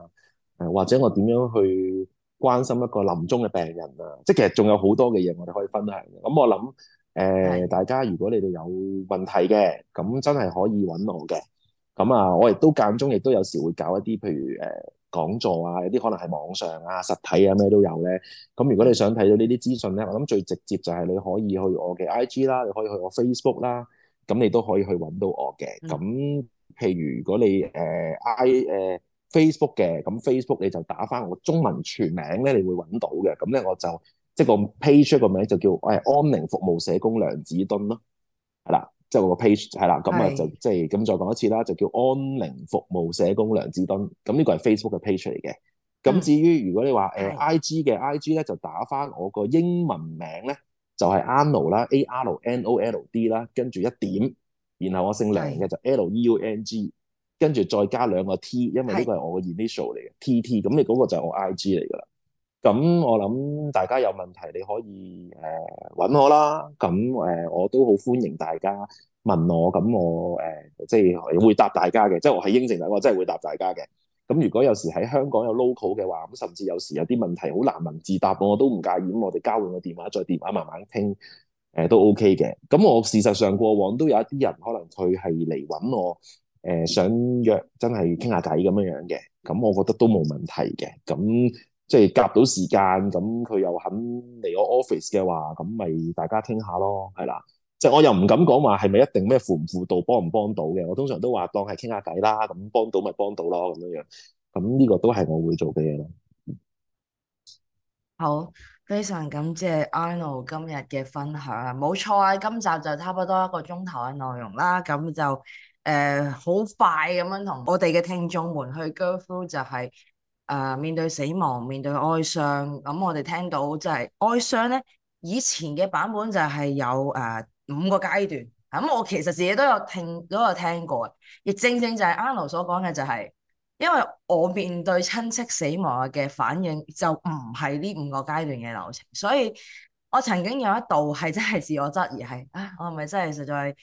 誒，或者我點樣去？關心一個臨終嘅病人啊，即係其實仲有好多嘅嘢我哋可以分享嘅。咁我諗誒、呃，大家如果你哋有問題嘅，咁真係可以揾我嘅。咁啊，我亦都間中亦都有時會搞一啲譬如誒、呃、講座啊，有啲可能係網上啊、實體啊咩都有咧。咁如果你想睇到呢啲資訊咧，我諗最直接就係你可以去我嘅 IG 啦，你可以去我 Facebook 啦，咁你都可以去揾到我嘅。咁譬如如果你誒、呃、I 誒、呃。Facebook 嘅咁 Facebook 你就打翻我中文全名咧，你會揾到嘅。咁咧我就即個 page 出個名就叫誒、哎、安寧服務社工梁子敦咯，係啦，即我個 page 係啦。咁啊就即係咁再講一次啦，就叫安寧服務社工梁梓敦。咁呢個係 Facebook 嘅 page 出嚟嘅。咁至於如果你話誒、哎、IG 嘅 IG 咧，就打翻我個英文名咧，就係、是、Arnold 啦，A R N O L D 啦，跟住一點，然後我姓梁嘅就 L E U N G。跟住再加兩個 T，因為呢個係我嘅 initial 嚟嘅，TT 咁你嗰個就係我 IG 嚟㗎啦。咁我諗大家有問題你可以誒揾、呃、我啦。咁誒、呃、我都好歡迎大家問我，咁我誒、呃、即係會答大家嘅，即係我係應承大家，我真係會答大家嘅。咁如果有時喺香港有 local 嘅話，咁甚至有時有啲問題好難文字答我，我都唔介意，我哋交換個電話再電話慢慢傾，誒、呃、都 OK 嘅。咁我事實上過往都有一啲人可能佢係嚟揾我。誒、呃，想約真係傾下偈咁樣樣嘅，咁我覺得都冇問題嘅。咁即係夾到時間，咁佢又肯嚟我 office 嘅話，咁咪大家傾下咯，係啦。即係我又唔敢講話係咪一定咩輔唔輔導，幫唔幫到嘅。我通常都話當係傾下偈啦，咁幫到咪幫到啦咁樣樣。咁呢個都係我會做嘅嘢咯。好，非常感謝 Arnold 今日嘅分享。冇錯啊，今集就差不多一個鐘頭嘅內容啦。咁就。誒，好、呃、快咁樣同我哋嘅聽眾們去 go through 就係、是、誒、呃、面對死亡，面對哀傷。咁、嗯、我哋聽到即係哀傷呢，以前嘅版本就係有誒、呃、五個階段。咁、嗯、我其實自己都有聽都有聽過，亦正正就係 Arnold 所講嘅就係、是，因為我面對親戚死亡嘅反應就唔係呢五個階段嘅流程，所以我曾經有一度係真係自我質疑係啊，我係咪真係實在？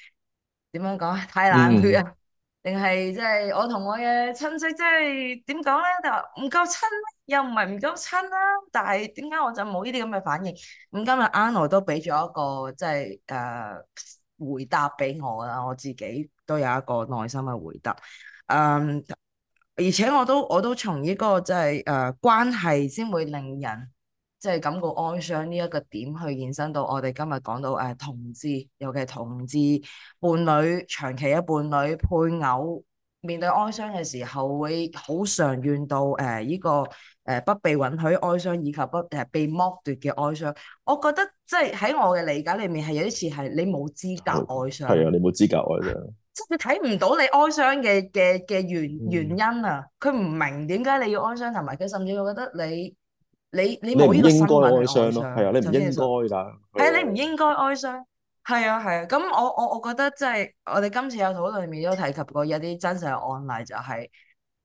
點樣講啊？太冷血啊！定係即係我同我嘅親戚，即係點講咧？就唔夠親，又唔係唔夠親啦。但係點解我就冇呢啲咁嘅反應？咁、嗯、今日 Arnold 都俾咗一個即係誒回答俾我啦。我自己都有一個內心嘅回答。誒、嗯，而且我都我都從呢、這個即係誒關係先會令人。即係感覺哀傷呢一個點去延伸到我哋今日講到誒同志，尤其係同志伴侶、長期嘅伴侶、配偶面對哀傷嘅時候，會好常怨到誒呢個誒不被允許哀傷，以及不誒被剝奪嘅哀傷。我覺得即係喺我嘅理解裡面係有啲似係你冇資格哀傷。係啊，你冇資格哀傷。即係佢睇唔到你哀傷嘅嘅嘅原原因啊，佢唔明點解你要哀傷，同埋佢甚至會覺得你。你你冇呢個新聞咯，係啊，你唔應該噶，係你唔應該哀傷，係啊係啊，咁、啊啊啊、我我我覺得即係我哋今次有討論面都提及過一啲真實嘅案例，就係、是、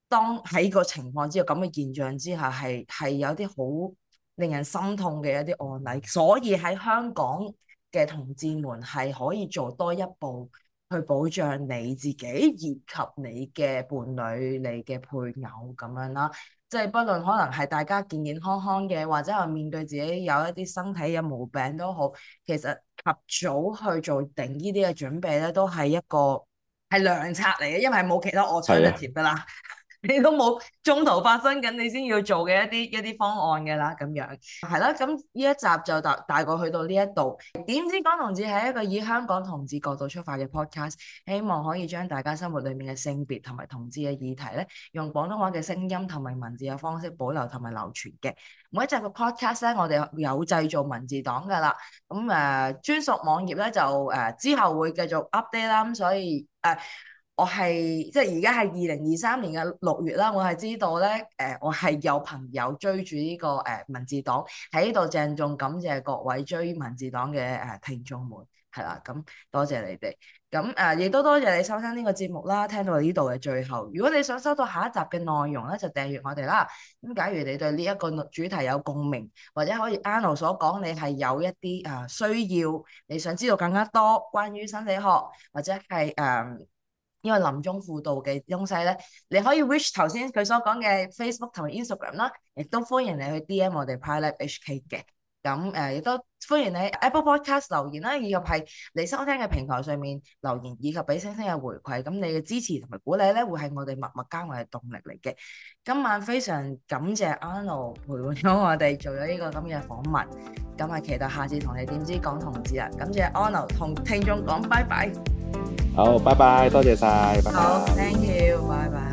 當喺個情況之後咁嘅現象之下，係係有啲好令人心痛嘅一啲案例，所以喺香港嘅同志們係可以做多一步去保障你自己，以及你嘅伴侶、你嘅配偶咁樣啦。即係，不論可能係大家健健康康嘅，或者係面對自己有一啲身體嘅毛病都好，其實及早去做定呢啲嘅準備咧，都係一個係良策嚟嘅，因為冇其他我菜得甜㗎喇。哎呀 你都冇中途發生緊，你先要做嘅一啲一啲方案嘅啦，咁樣係啦。咁呢一集就大大概去到呢一度。點知港同志係一個以香港同志角度出發嘅 podcast，希望可以將大家生活裡面嘅性別同埋同志嘅議題咧，用廣東話嘅聲音同埋文字嘅方式保留同埋流傳嘅。每一集嘅 podcast 咧，我哋有製造文字檔噶啦。咁誒、呃，專屬網頁咧就誒、呃、之後會繼續 update 啦。咁所以誒。呃我係即係而家係二零二三年嘅六月啦。我係知道咧，誒、呃，我係有朋友追住呢、這個誒、呃、文字黨喺呢度，鄭重感謝各位追文字黨嘅誒、呃、聽眾們，係啦，咁多謝你哋。咁誒，亦、呃、都多謝你收聽呢個節目啦，聽到呢度嘅最後。如果你想收到下一集嘅內容咧，就訂閱我哋啦。咁假如你對呢一個主題有共鳴，或者可以 Arnold 所講，你係有一啲啊、呃、需要，你想知道更加多關於生死學或者係誒。呃因為臨終輔導嘅東西咧，你可以 wish 頭先佢所講嘅 Facebook 同埋 Instagram 啦，亦都歡迎你去 DM 我哋 PrideLab HK 嘅咁誒，亦都歡迎你 Apple Podcast 留言啦，以及係你收聽嘅平台上面留言，以及俾星星嘅回饋。咁你嘅支持同埋鼓勵咧，會係我哋默默耕耘嘅動力嚟嘅。今晚非常感謝 Arnold 陪伴咗我哋做咗呢個咁嘅訪問。咁啊，期待下次同你點知講同志啊！感謝 Arnold 同聽眾講拜拜。好，拜拜，多謝晒。好，Thank you，拜拜。